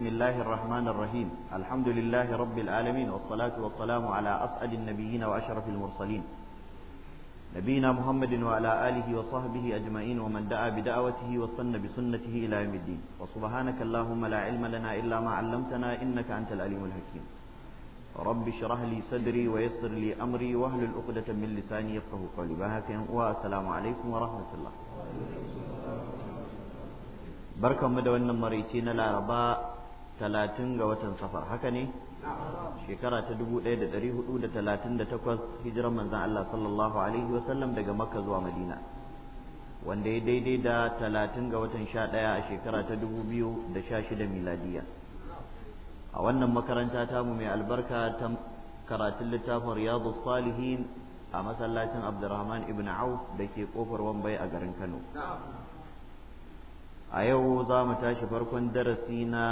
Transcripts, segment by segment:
بسم الله الرحمن الرحيم الحمد لله رب العالمين والصلاة والسلام على أسعد النبيين وأشرف المرسلين نبينا محمد وعلى آله وصحبه أجمعين ومن دعا بدعوته وصن بسنته إلى يوم الدين وسبحانك اللهم لا علم لنا إلا ما علمتنا إنك أنت العليم الحكيم رب اشرح لي صدري ويسر لي أمري وأهل الأقدة من لساني يفقه قولي بهاك والسلام عليكم ورحمة الله بركة مدى ونمريتين لا رباء talatin ga watan safar haka ne shekara ta dubu ɗaya da ɗari hudu da talatin da takwas hijirar manzan Allah sallallahu alaihi wasallam daga makka zuwa madina wanda ya daidai da talatin ga watan sha ɗaya a shekara ta dubu biyu da sha shida miladiya a wannan makaranta tamu mai albarka ta karatun littafin riyadu salihin a masallacin abdurrahman ibn auf da ke kofar wambai a garin kano a yau za mu tashi farkon darasi na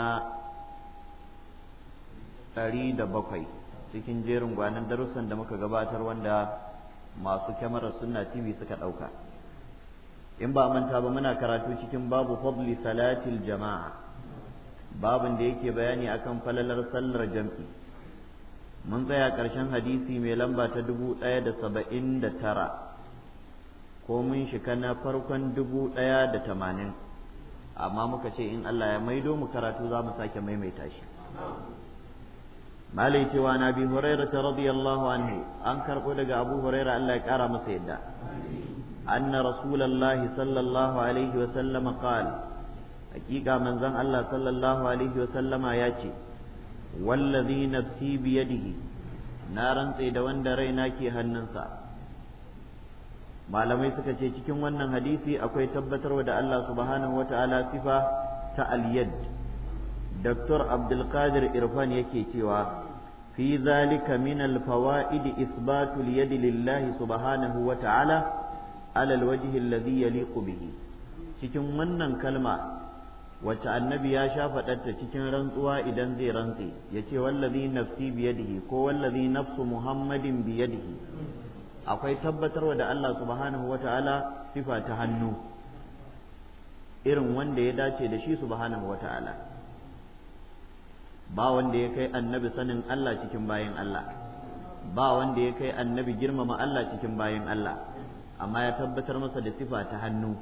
ɗari da bakwai cikin jerin gwanin darussan da muka gabatar wanda masu kyamarar sunna tv suka ɗauka in ba manta ba muna karatu cikin babu fadli salatil jama'a babin da yake bayani akan falalar sallar jam'i mun tsaya ƙarshen hadisi mai lamba ta dubu ɗaya da saba'in da tara ko mun shiga na farkon dubu ɗaya da tamanin amma muka ce in allah ya maido mu karatu za mu sake maimaita shi malai cewa na bi huraira ta radiyallahu anhu an karɓo daga abu huraira Allah ya ƙara masa yadda anna rasulallahi sallallahu alaihi wa sallama qala hakika manzon Allah sallallahu alaihi wa sallama ya ce wallazi nafsi bi yadihi na rantse da wanda raina ke hannunsa malamai suka ce cikin wannan hadisi akwai tabbatarwa da Allah subhanahu wataala sifa ta al-yad Dr. Abdulkadir Irfan yake cewa fi zalika min al isbatu ithbatu lillahi subhanahu wa ta'ala alal al-wajh alladhi yaliqu bihi cikin wannan kalma wacce annabi ya sha faɗarta cikin rantsuwa idan zai rantse ya ce wallazi nafsi biyadihi ko wallazi nafsu muhammadin biyadihi akwai tabbatarwa da Allah subhanahu wa ta'ala sifa ta hannu irin wanda ya dace da shi subhanahu wa ta'ala ba wanda ya kai annabi sanin Allah cikin bayan Allah ba wanda ya kai annabi girmama Allah cikin bayan Allah amma ya tabbatar masa da sifa ta hannu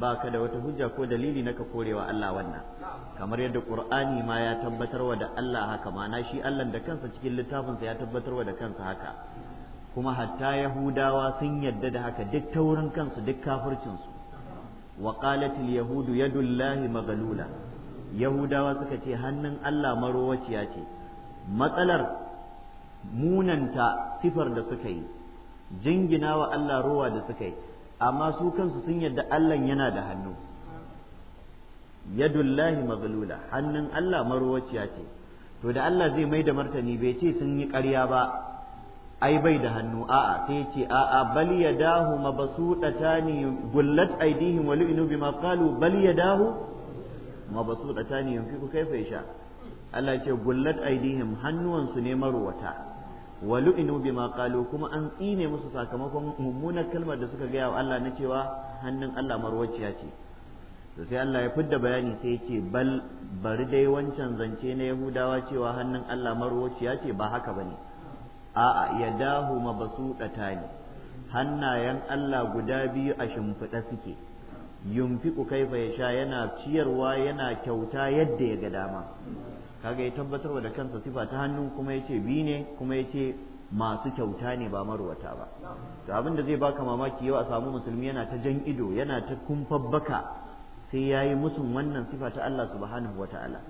ba ka da wata hujja ko dalili na ka korewa Allah wannan kamar yadda Qur'ani ma ya tabbatar wa da Allah haka mana shi Allah da kansa cikin littafinsa ya tabbatar wa da kansa haka kuma hatta Yahudawa sun yadda da haka duk taurin kansu duk kafircinsu wa qalatil yahudu yadullahi maghlula yahudawa suka ce hannun Allah marowaciya ce matsalar munanta sifar da suka yi jingina wa Allah ruwa da suka yi amma su kansu sun yadda Allah yana da hannu yadullahi maghlula hannun Allah marowaciya ce to da Allah zai mai da martani bai ce sun yi ƙarya ba ai bai da hannu a'a sai ce a'a bal yadahu mabsutatani gullat aydihim wa bima qalu bal yadahu ma ba su tsakani yanzu ku kaifa sha Allah ce gullat aidihim hannuwansu ne marwata wa lu'inu bima qalu kuma an tsine musu sakamakon mummunar kalmar da suka gaya wa Allah na cewa hannun Allah marwaciya ce to sai Allah ya fidda bayani sai ya ce bal bari dai wancan zance na Yahudawa cewa hannun Allah marwaciya ce ba haka bane a'a yadahu mabsuɗatani ne hannayen Allah guda biyu a shimfiɗa suke yunfiqu kaifa ya sha yana ciyarwa yana kyauta yadda ya ga dama kaga ya tabbatarwa da kansa sifa ta hannu kuma ya ce bi ne kuma ya ce masu kyauta ne ba marwata ba to abin da zai baka mamaki yau a samu musulmi yana ta jan ido yana ta kumfar baka sai yayi musun wannan sifa ta Allah subhanahu wataala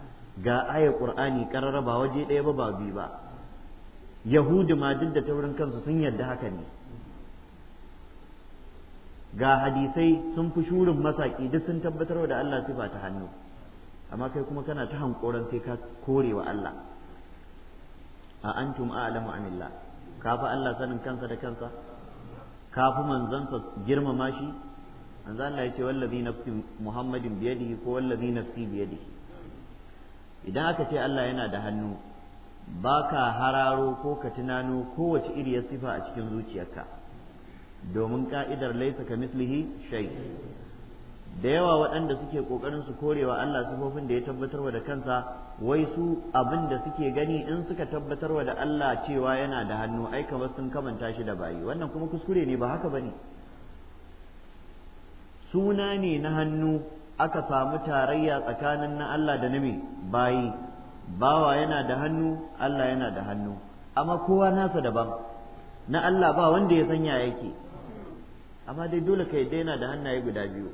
ga ayar qur'ani karara ba waje ɗaya ba ba bi ba yahudi ma duk da taurin kansu sun yarda haka ne ga hadisai sun fi shurin masaƙi duk sun tabbatar da Allah sifa ta hannu amma kai kuma kana ta hankoran sai ka kore wa Allah a antum a'lamu anillah ka Allah sanin kansa da kansa ka fi manzansa girmama shi manzo Allah ya ce wallazi nafsi muhammadin biyadihi ko wallazi nafsi biyadihi idan aka ce Allah yana da hannu baka hararo ko ka tunano kowace iriyar sifa a cikin zuciyarka domin ka'idar laisa ka mislihi shai. da yawa waɗanda suke ƙoƙarin su korewa Allah sifofin da ya tabbatarwa da kansa wai su abin da suke gani in suka tabbatarwa da Allah cewa yana da hannu ai kamar sun kamanta shi da bayi wannan kuma kuskure ne ba haka bane suna ne na hannu aka samu tarayya tsakanin na Allah da nami bayi bawa yana da hannu Allah yana da hannu amma kowa nasa daban na Allah ba wanda ya sanya yake amma dai dole ka yadda yana da hannaye guda biyu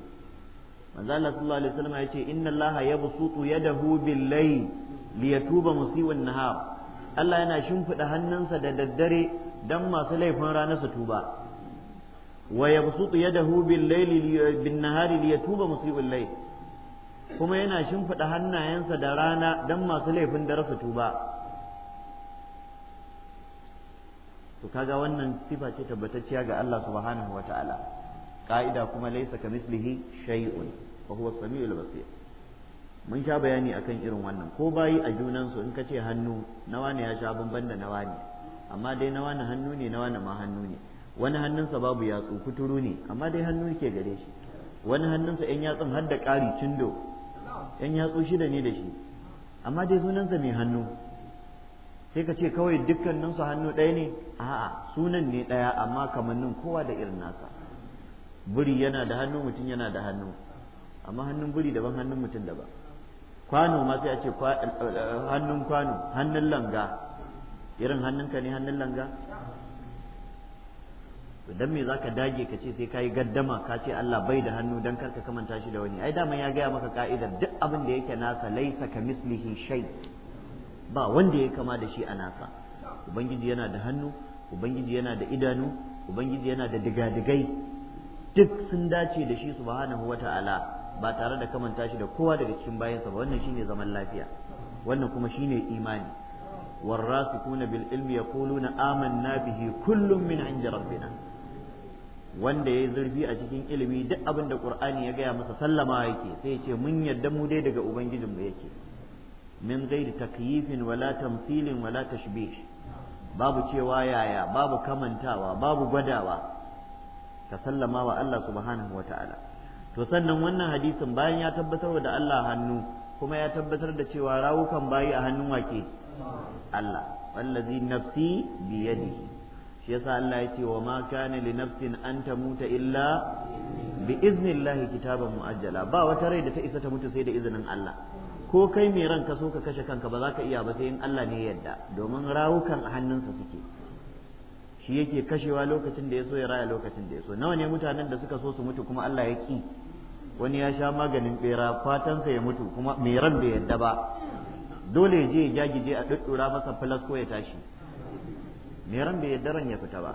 manzo Allah sallallahu alaihi wasallam ya ce inna Allah yabsutu yadahu bil layl liyatuba musiwan nahar Allah yana shimfida hannunsa da daddare dan masu laifin rana su tuba wa yabsutu yadahu bil layli bin nahari liyatuba musiwan layl kuma yana shimfida hannayensa da rana dan masu laifin dare su tuba to kaga wannan sifa ce tabbatacciya ga Allah subhanahu wataala ka'ida kuma laysa mislihi shay'un wa huwa samiul basir mun sha bayani akan irin wannan ko bayi a junan su in ka ce hannu nawa ne ya sha bamban da nawa ne amma dai nawa na hannu ne nawa na ma hannu ne wani hannunsa babu yatsu kuturu ne amma dai hannu ke gare shi wani hannunsa yan yatsun har da ƙari cindo yan yatsu shida ne da shi amma dai sunansa mai hannu sai ka ce kawai dukkanin su hannu ɗaya ne a'a sunan ne ɗaya amma kamannin kowa da irin nasa buri yana da hannu mutum yana da hannu amma hannun buri daban hannun mutum daban kwano ma sai a ce eh, hannun kwano hannun langa irin hannunka ne hannun langa dan me zaka dage ka ce sai yi gaddama ka ce Allah bai da hannu dan karka kamanta shi da wani ai dama ya gaya maka ka'idar duk abin da yake nasa laisa ka mislihi shay ba wanda ya kama da shi a nasa ubangiji yana da hannu ubangiji yana da idanu ubangiji yana da digadigai duk sun dace da shi subhanahu wata'ala ba tare da kamanta shi da kowa daga cikin bayansa ba wannan shine zaman lafiya wannan kuma shine imani والراسخون بالعلم يقولون آمنا به كل من عند ربنا wanda ya yi zurfi a cikin ilimi duk abin da ƙur'ani ya gaya masa sallama yake sai ya ce mun yarda mu dai daga ubangijinmu yake min gairi takyifin wala tamthilin wala tashbih babu cewa yaya babu kamantawa babu gwadawa ka sallama wa Allah subhanahu wata'ala to sannan wannan hadisin bayan ya tabbatar da Allah hannu kuma ya tabbatar da cewa rawukan bayi a hannun wake Allah wallazi nafsi biyadihi shi yasa Allah ya ce wa ma kana li nafsin an tamuta illa bi iznillahi kitaban muajjala ba wata rai da ta isa ta mutu sai da izinin Allah ko kai mai ranka so ka kashe kanka ba za ka iya ba sai in Allah ne ya yarda domin rawukan a hannunsa suke shi yake kashewa lokacin da ya so ya raya lokacin da ya so nawa ne mutanen da suka so su mutu kuma Allah ya ki wani ya sha maganin bera fatansa ya mutu kuma mai ran bai yarda ba dole ya je ya jagije a duddura masa plus ko ya tashi mai ran bai yarda ran ya fita ba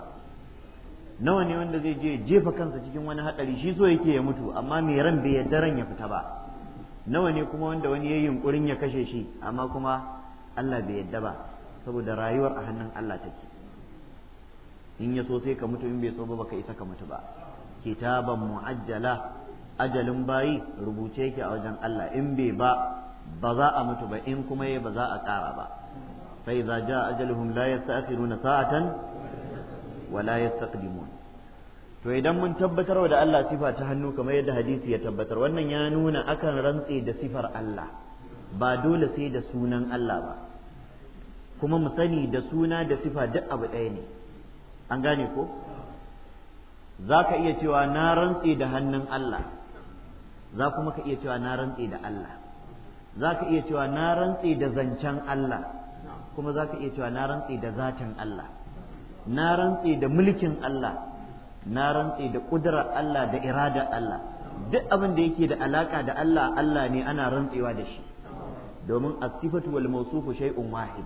nawa ne wanda zai je jefa kansa cikin wani hadari shi so yake ya mutu amma mai ran bai yarda ran ya fita ba nawa ne kuma wanda wani yi yunkurin ya kashe shi amma kuma Allah bai yadda ba saboda rayuwar a hannun Allah take in ya so sai ka mutu in bai so ba baka isa ka mutu ba kitaban mu'ajjala ajalin bayi rubuce yake a wajen Allah in bai ba ba za a mutu ba in kuma ba za a tsara ba sai za ja ajaluhum la yasta'khiruna sa'atan wa la yastaqdimun to idan mun tabbatar da Allah sifa ta hannu kamar yadda hadisi ya tabbatar wannan ya nuna akan rantse da sifar Allah ba dole sai da sunan Allah ba kuma mu sani da suna da sifa duk abu ɗaya ne an gane ko za ka iya cewa na rantse da hannun Allah za kuma ka iya cewa na rantse da Allah za ka iya cewa na rantse da zancen Allah kuma za ka iya cewa na rantse da zatin Allah na rantse da mulkin Allah na rantse da ƙudurar Allah da iradar Allah duk abin da yake da alaka da Allah Allah ne ana rantsewa da shi domin a sifatu wal mawsufu shay'un wahid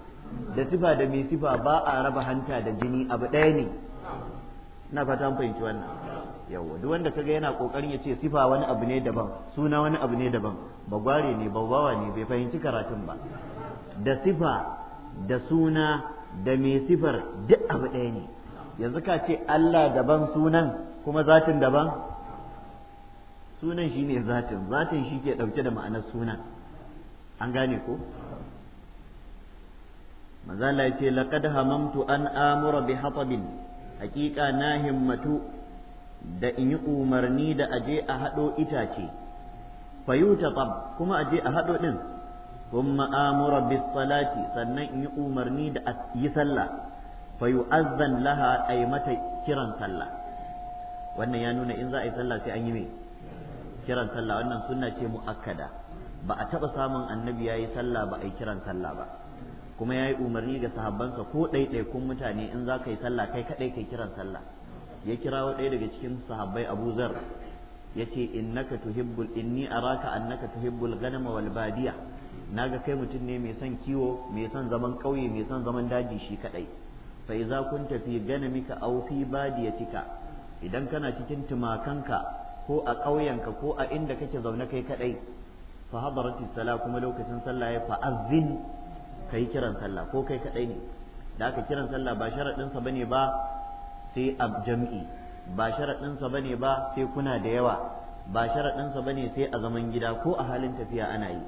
da sifa da mai sifa ba a raba hanta da jini abu ɗaya ne ina fata an fahimci wannan yawa duk wanda kaga yana kokarin ya ce sifa wani abu ne daban suna wani abu ne daban bagware ne babawa ne bai fahimci karatun ba da sifa da suna da mai sifar duk abu ɗaya ne yanzu ka ce Allah daban sunan kuma zatin daban sunan shi ne zatin zatin shi ke ɗauke da ma'anar sunan an gane ko mazala ya ce laƙad hamamtu an amura bi hatabin hakika na himmatu da in yi umarni da aje a haɗo itace fayuta kuma aje a haɗo ɗin amura bi salati sannan in yi umarni da yi sallah fa yu'azzan laha ay mata kiran sallah wannan ya nuna in za a yi sallah sai an yi me kiran sallah wannan sunna ce muakkada ba a taba samun annabi yayi sallah ba a yi kiran sallah ba kuma yayi umarni ga sahabbansa ko ɗaiɗaikun mutane in za ka yi sallah kai kaɗai kai kiran sallah ya kirawo ɗaya daga cikin sahabbai Abu Zar yace innaka tuhibbul inni araka annaka tuhibbul ganama wal badiya naga kai mutum ne mai son kiwo mai son zaman ƙauye mai son zaman daji shi kadai fa idza kunta fi ganamika aw fi badiyatika idan kana cikin tumakanka ko a ƙauyenka ko a inda kake zaune kai kadai fa hadaratis sala kuma lokacin sallah ya fa azin kai kiran sallah ko kai kadai ne da aka kiran sallah ba sharadin sa bane ba sai a jam'i ba sharadin sa bane ba sai kuna da yawa ba sharadin sa bane sai a zaman gida ko a halin tafiya ana yi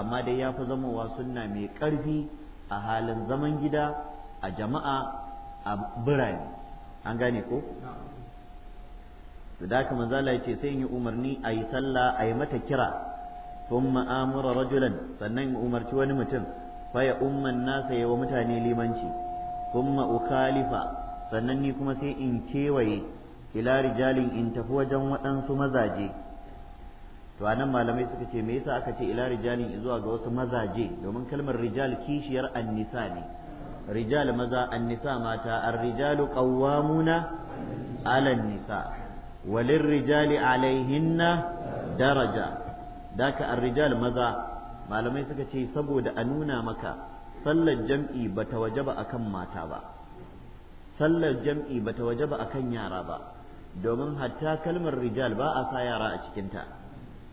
amma dai ya fi zamowa sunna mai ƙarfi a halin zaman gida a jama'a a birane an gane ko da kuma manzo yace sai in yi umarni ayi yi sallah a yi mata kira thumma amura rajulan sannan in umarci wani mutum fa ya umman nasa yawa mutane limanci thumma ukhalifa sannan ni kuma sai in kewaye ila rijalin in tafi wajen waɗansu mazaje to anan malamai suka ce me yasa aka ce ila rijalin zuwa ga wasu mazaje domin kalmar rijal kishiyar annisa ne rijal maza annisa mata ar-rijalu qawwamuna 'ala nisa walin rijali alaihinna daraja daka ar-rijal maza malamai suka ce saboda a nuna maka sallar jam'i bata wajaba akan ba sallar jam'i bata wajaba akan yara ba domin hatta kalmar rijal ba a sa yara a cikinta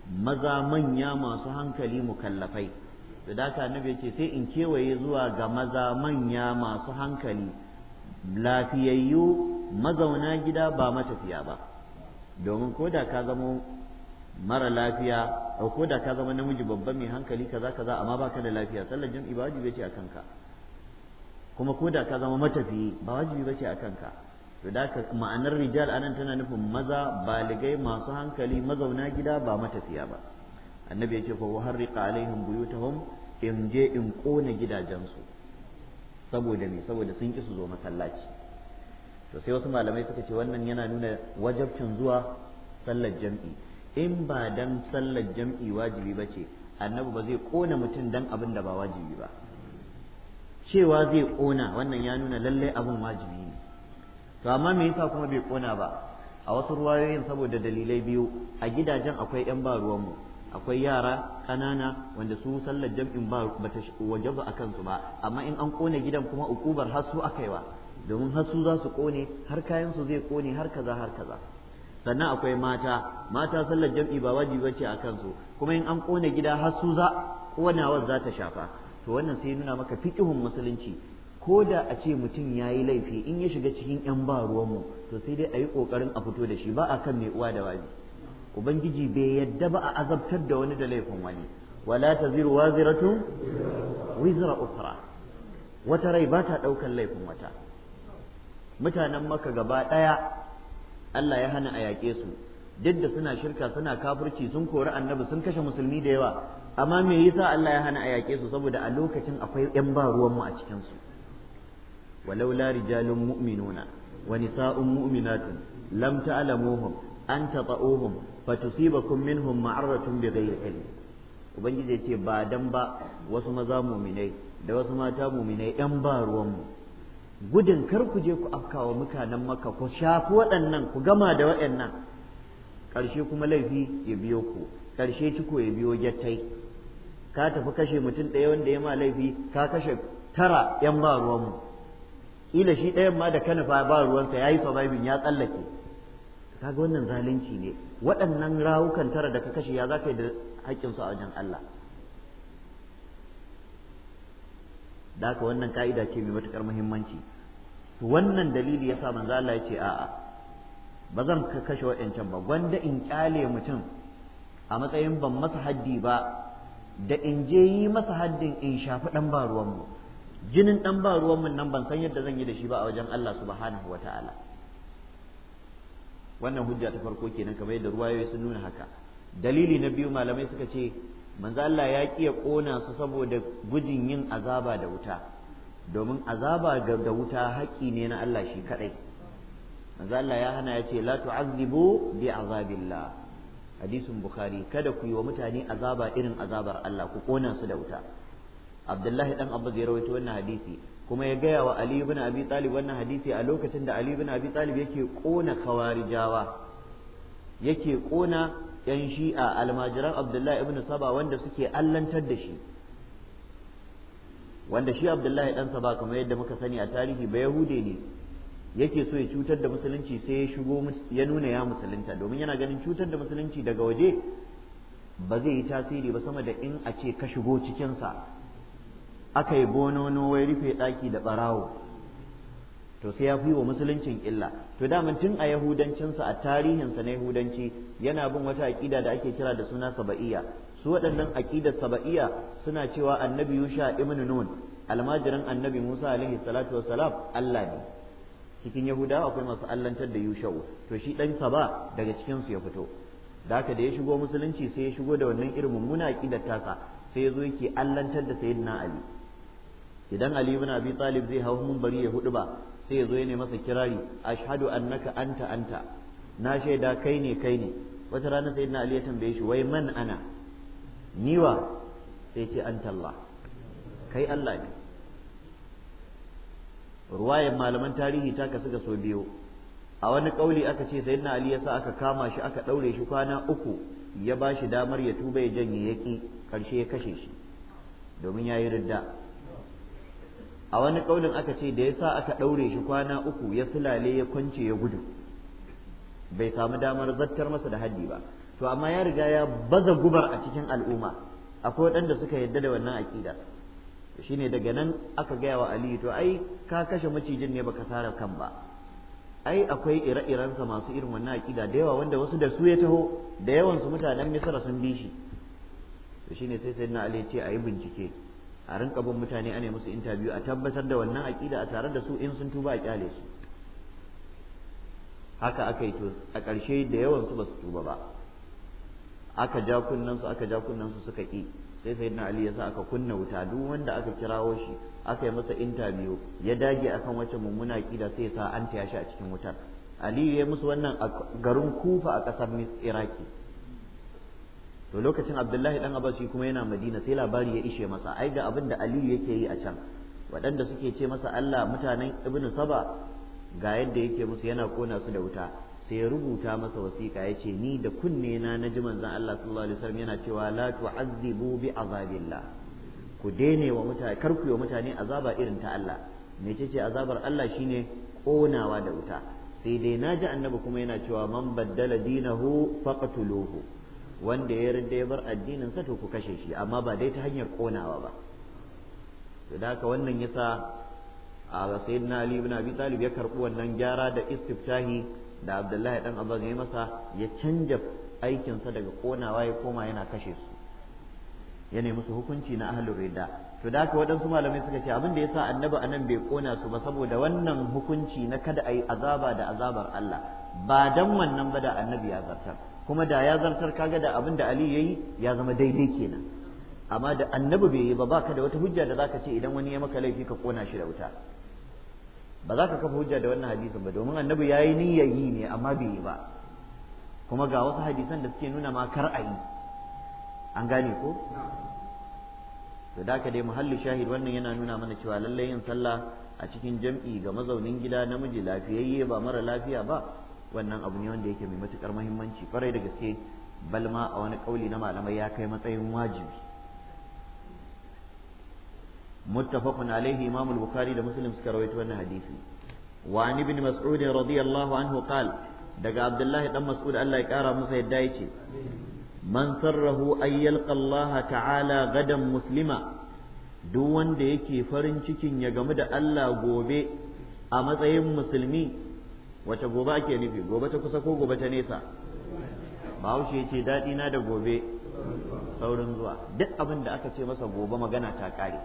maza manya masu hankali mukallafai da nabi annabi yace sai in kewaye zuwa ga maza manya masu hankali lafiyayyu mazauna gida ba matafiya ba domin ko da ka zama mara lafiya ko da ka zama namiji babba mai hankali kaza kaza amma baka da lafiya sallar jam'i ba wajibi ce a kanka kuma ko da ka zama matafi ba wajibi bace a kanka to da ma'anar rijal anan tana nufin maza baligai masu hankali mazauna gida ba matafiya ba annabi ya ce fa harriqa alaihim buyutahum in je in ƙona gidajensu saboda me saboda sun ƙi su zo masallaci to sai wasu malamai suka ce wannan yana nuna wajabcin zuwa sallar jam'i in ba dan sallar jam'i wajibi ba ce annabi ba zai ƙona mutum dan abin da ba wajibi ba cewa zai ƙona wannan ya nuna lallai abin wajibi ne to amma me yasa kuma bai ƙona ba a wasu ruwayoyin saboda dalilai biyu a gidajen akwai 'yan ba ruwanmu akwai yara ƙanana wanda su sallar jam'in ba bata wajaba a kansu ba amma in an kone gidan kuma ukubar har su wa, domin har su za su kone har kayan su zai kone har kaza har kaza sannan akwai mata mata sallar jam'i ba wajibi bace a kansu kuma in an kone gida har su za konawar za ta shafa to wannan sai nuna maka fiqhun musulunci ko da a ce mutum ya yi laifi in ya shiga cikin 'yan ba ruwanmu to sai dai a yi ƙoƙarin a fito da shi ba a kan mai uwa da wabi ubangiji bai yadda ba a azabtar da wani da laifin wani wala taziru waziratu wizra ukra wata rai ba ta ɗaukar laifin wata mutanen maka gaba ɗaya Allah ya hana a yaƙe su duk da suna shirka suna kafirci sun kori annabi sun kashe musulmi da yawa amma me yasa Allah ya hana a yaƙe su saboda a lokacin akwai yan ba mu a cikin su walaula rijalun mu'minuna wa nisa'un mu'minatun lam ta'lamuhum an tata'uhum fatusibakum minhum ma'aratun ghairi ilm ubangiji yace ba dan ba wasu maza muminai da wasu mata muminai yan ba ruwan mu gudun kar ku je ku afkawa mutanen maka ku shafi waɗannan ku gama da waɗannan ƙarshe kuma laifi ya biyo ku ƙarshe ciko ya biyo gyattai ka tafi kashe mutum ɗaya wanda ya ma laifi ka kashe tara yan ba ruwan mu Ila shi ɗayan ma da kanufa ba ruwansa ya yi surviving ya tsallake kaga wannan zalunci ne waɗannan rawukan tara da ka kashe ya zaka yi da haƙƙin su a wajen Allah da haka wannan ka'ida ce mai matuƙar muhimmanci wannan dalili yasa manzo Allah ya ce a'a ba zan ka kashe waɗancan ba gwanda in kyale mutum a matsayin ban masa haddi ba da in je yi masa haddin in shafi ɗan ba ruwanmu jinin ɗan ba ruwanmu nan ban san yadda zan yi da shi ba a wajen Allah subhanahu wa ta'ala wannan hujja ta farko kenan kamar yadda ruwayoyi sun nuna haka dalili na biyu malamai suka ce manzo Allah ya kiya kona su saboda gudun yin azaba da wuta domin azaba da wuta haƙƙi ne na Allah shi kadai manzo Allah ya hana ya ce la tu'azzibu bi azabillah hadisin bukhari kada ku yi wa mutane azaba irin azabar Allah ku kona su da wuta Abdullahi dan Abbas ya rawaito wannan hadisi kuma ya gaya wa Ali ibn Abi Talib wannan hadisi a lokacin da Ali ibn Abi Talib yake kona khawarijawa yake kona yan shi'a almajiran Abdullahi ibn Saba wanda suke allantar da shi wanda shi Abdullahi dan Saba kamar yadda muka sani a tarihi ba Yahude ne yake so ya cutar da musulunci sai ya shigo ya nuna ya musulunta domin yana ganin cutar da musulunci daga waje ba zai yi tasiri ba sama da in a ce ka shigo cikinsa aka yi bonono wai rufe ɗaki da barawo to sai ya fi wa musuluncin illa to daman tun a yahudancinsa a tarihinsa na yahudanci yana bin wata aƙida da ake kira da suna saba'iyya su waɗannan aƙidar saba'iyya suna cewa annabi yusha ibn nun almajirin annabi musa alaihi salatu wassalam allah ne cikin yahudawa akwai masu allantar da yusha'u to shi ɗan saba daga cikinsu ya fito da haka da ya shigo musulunci sai ya shigo da wannan irin mummuna aƙidar tasa sai ya zo yake allantar da sayyidina ali idan ali ibn abi talib zai hau mun bari ya hudu ba sai ya zo ya masa kirari ashhadu annaka anta anta na shaida kai ne kai ne wata rana sayyidina ali ya tambaye shi wai man ana niwa sai ce anta allah kai allah ne ruwayar malaman tarihi ta kasu ga so biyu a wani kauli aka ce sayyidina ali ya sa aka kama shi aka daure shi kwana uku ya ba shi damar ya tuba ya janye yaki karshe ya kashe shi domin ya yi ridda a wani ƙaunin aka ce da ya sa aka ɗaure shi kwana uku ya sulale ya kwance ya gudu bai samu damar zartar masa da haddi ba to amma ya riga ya baza gubar a cikin al'umma akwai waɗanda suka yadda da wannan aƙida shine daga nan aka gaya wa Ali to ai ka kashe macijin ne baka sare kan ba ai akwai ire-irensa masu irin wannan aƙida da yawa wanda wasu da su ya taho da yawan su mutanen Misra sun bi shi to shine sai sayyidina Ali ce ayi bincike a rinka bin mutane ana musu interview a tabbatar da wannan aƙida a tare da su in sun tuba a kyale su haka aka yi a ƙarshe da yawan su ba su tuba ba aka ja kunnen su aka ja kunnen su suka ki sai sayyidina ali ya sa aka kunna wuta duk wanda aka kirawo shi aka yi masa interview ya dage akan wacce mummuna aƙida sai ya sa an taya shi a cikin wutar ali ya musu wannan a garin kufa a ƙasar iraki to lokacin abdullahi dan abbas shi kuma yana madina sai labari ya ishe masa ai ga abin da aliyu yake yi a can waɗanda suke ce masa allah mutanen ibnu saba ga yadda yake musu yana kona su da wuta sai ya rubuta masa wasiƙa ya ce ni da kunne na na ji manzon allah sallallahu alaihi wasallam yana cewa la tu'azzibu bi azabillah ku dene wa mutane kar ku yi wa mutane azaba irin ta allah Me ce, ce azabar allah shine konawa da wuta sai dai naji annabi kuma yana cewa man baddala dinahu faqtuluhu wanda ya rinda ya bar addinin sa to ku kashe shi amma ba dai ta hanyar konawa ba to da haka wannan yasa a sayyidina ali ibn abi talib ya karbi wannan gyara da istiftahi da abdullahi dan abbas ya masa ya canja aikinsa daga konawa ya koma yana kashe su ya nemi musu hukunci na ahlul rida to da haka waɗansu malamai suka ce abin da yasa annabi anan bai kona su ba saboda wannan hukunci na kada a azaba da azabar Allah ba dan wannan ba da annabi ya zartar kuma da ya zartar kaga da abin da Ali yi ya zama daidai kenan amma da annabi bai yi ba baka da wata hujja da zaka ce idan wani ya maka laifi ka kona shi da wuta ba za ka kafa hujja da wannan hadisin ba domin annabi yi niyyar yi ne amma bai yi ba kuma ga wasu hadisan da suke nuna ma kar a yi an gane ko to da ka dai muhalli shahid wannan yana nuna mana cewa lallai yin sallah a cikin jam'i ga mazaunin gida namiji lafiyayye ba mara lafiya ba wannan abu ne wanda yake mai matukar muhimmanci kwarai da gaske balma a wani kauli na malamai ya kai matsayin wajibi muttafaqun alaihi imam al-bukhari da muslim suka rawaito wannan hadisi wa an ibn mas'ud radiyallahu anhu qala daga abdullahi dan mas'ud Allah ya kara masa yadda yace man sarrahu ay yalqa Allah ta'ala gadan muslima duk wanda yake farin cikin ya gamu da Allah gobe a matsayin musulmi wace gobe ake nufi gobe ta kusa ko gobe ta nesa bahaushe ce daɗi na da gobe saurin zuwa duk abin da aka ce masa gobe magana ta ƙare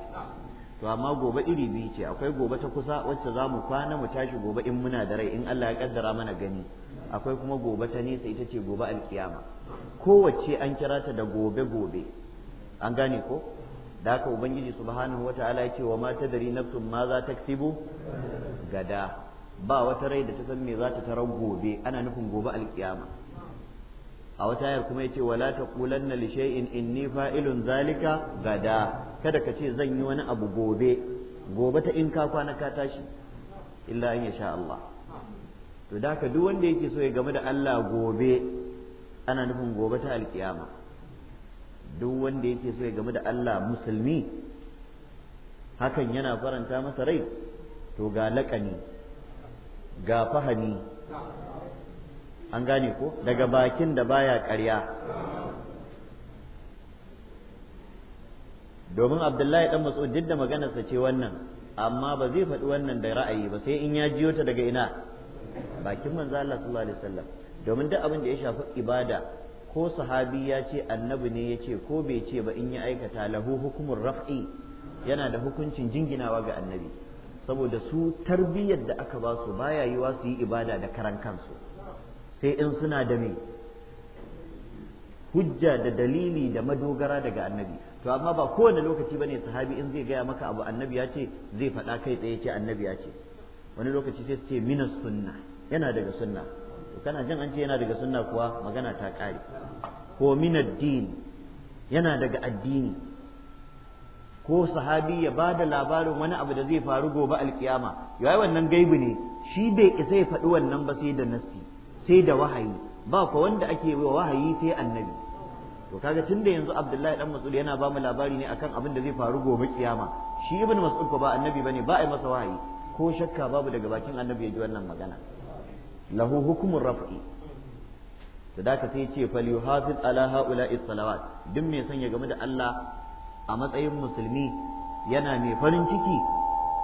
to amma gobe iri biyu ce akwai gobe ta kusa wacce za mu kwana mu tashi gobe in muna da rai in Allah ya kaddara mana gani akwai kuma gobe ta nesa ita ce gobe alkiyama kowace an kira ta da gobe gobe an gane ko da haka ubangiji subhanahu wataala ya ce wa ma tadari nafsun ma za taksibu gada ba wata rai da ta san me za ta tarar gobe ana nufin gobe alkiyama a wata yar kuma yace wala taqulanna li shay'in inni fa'ilun zalika gada kada ka ce zan yi wani abu gobe gobe ta in ka kwana ka tashi illa an sha Allah to da ka duk wanda yake so ya game da Allah gobe ana nufin gobe ta alkiyama duk wanda yake so ya game da Allah musulmi hakan yana faranta masa rai to ga laƙani ga fahami an gane ko daga bakin da baya ƙarya domin abdullahi dan mas'ud duk da maganarsa ce wannan amma ba zai faɗi wannan da ra'ayi ba sai in ya jiyo ta daga ina bakin manzo Allah sallallahu alaihi wasallam domin duk abin da ya shafi ibada ko sahabi ya ce annabi ne ya ce ko bai ce ba in ya aikata lahu hukumur raf'i yana da hukuncin jinginawa ga annabi saboda su tarbiyyar da aka ba su baya yiwa su yi ibada da karan kansu sai in suna da me hujja da dalili da madogara daga annabi to amma ba kowane lokaci bane sahabi in zai gaya maka abu annabi ya ce zai faɗa kai tsaye ce annabi ya ce wani lokaci sai su ce mina sunna yana daga sunna kana jin an ce yana daga sunna kuwa magana ta ƙare ko mina din yana daga addini ko sahabi ya ba da labarin wani abu da zai faru gobe alkiyama yi wannan gaibu ne shi bai isa ya faɗi wannan ba sai da nassi sai da wahayi ba ko wanda ake wa wahayi sai annabi to kaga tun da yanzu Abdullahi dan Mas'ud yana ba mu labari ne akan abin da zai faru gobe kiyama shi ibn Mas'ud ko ba annabi bane ba ai masa wahayi ko shakka babu daga bakin annabi ya ji wannan magana lahu hukumun raf'i da sai ce fal yuhafiz ala haula'i salawat duk mai son ya game da Allah a matsayin musulmi yana mai farin ciki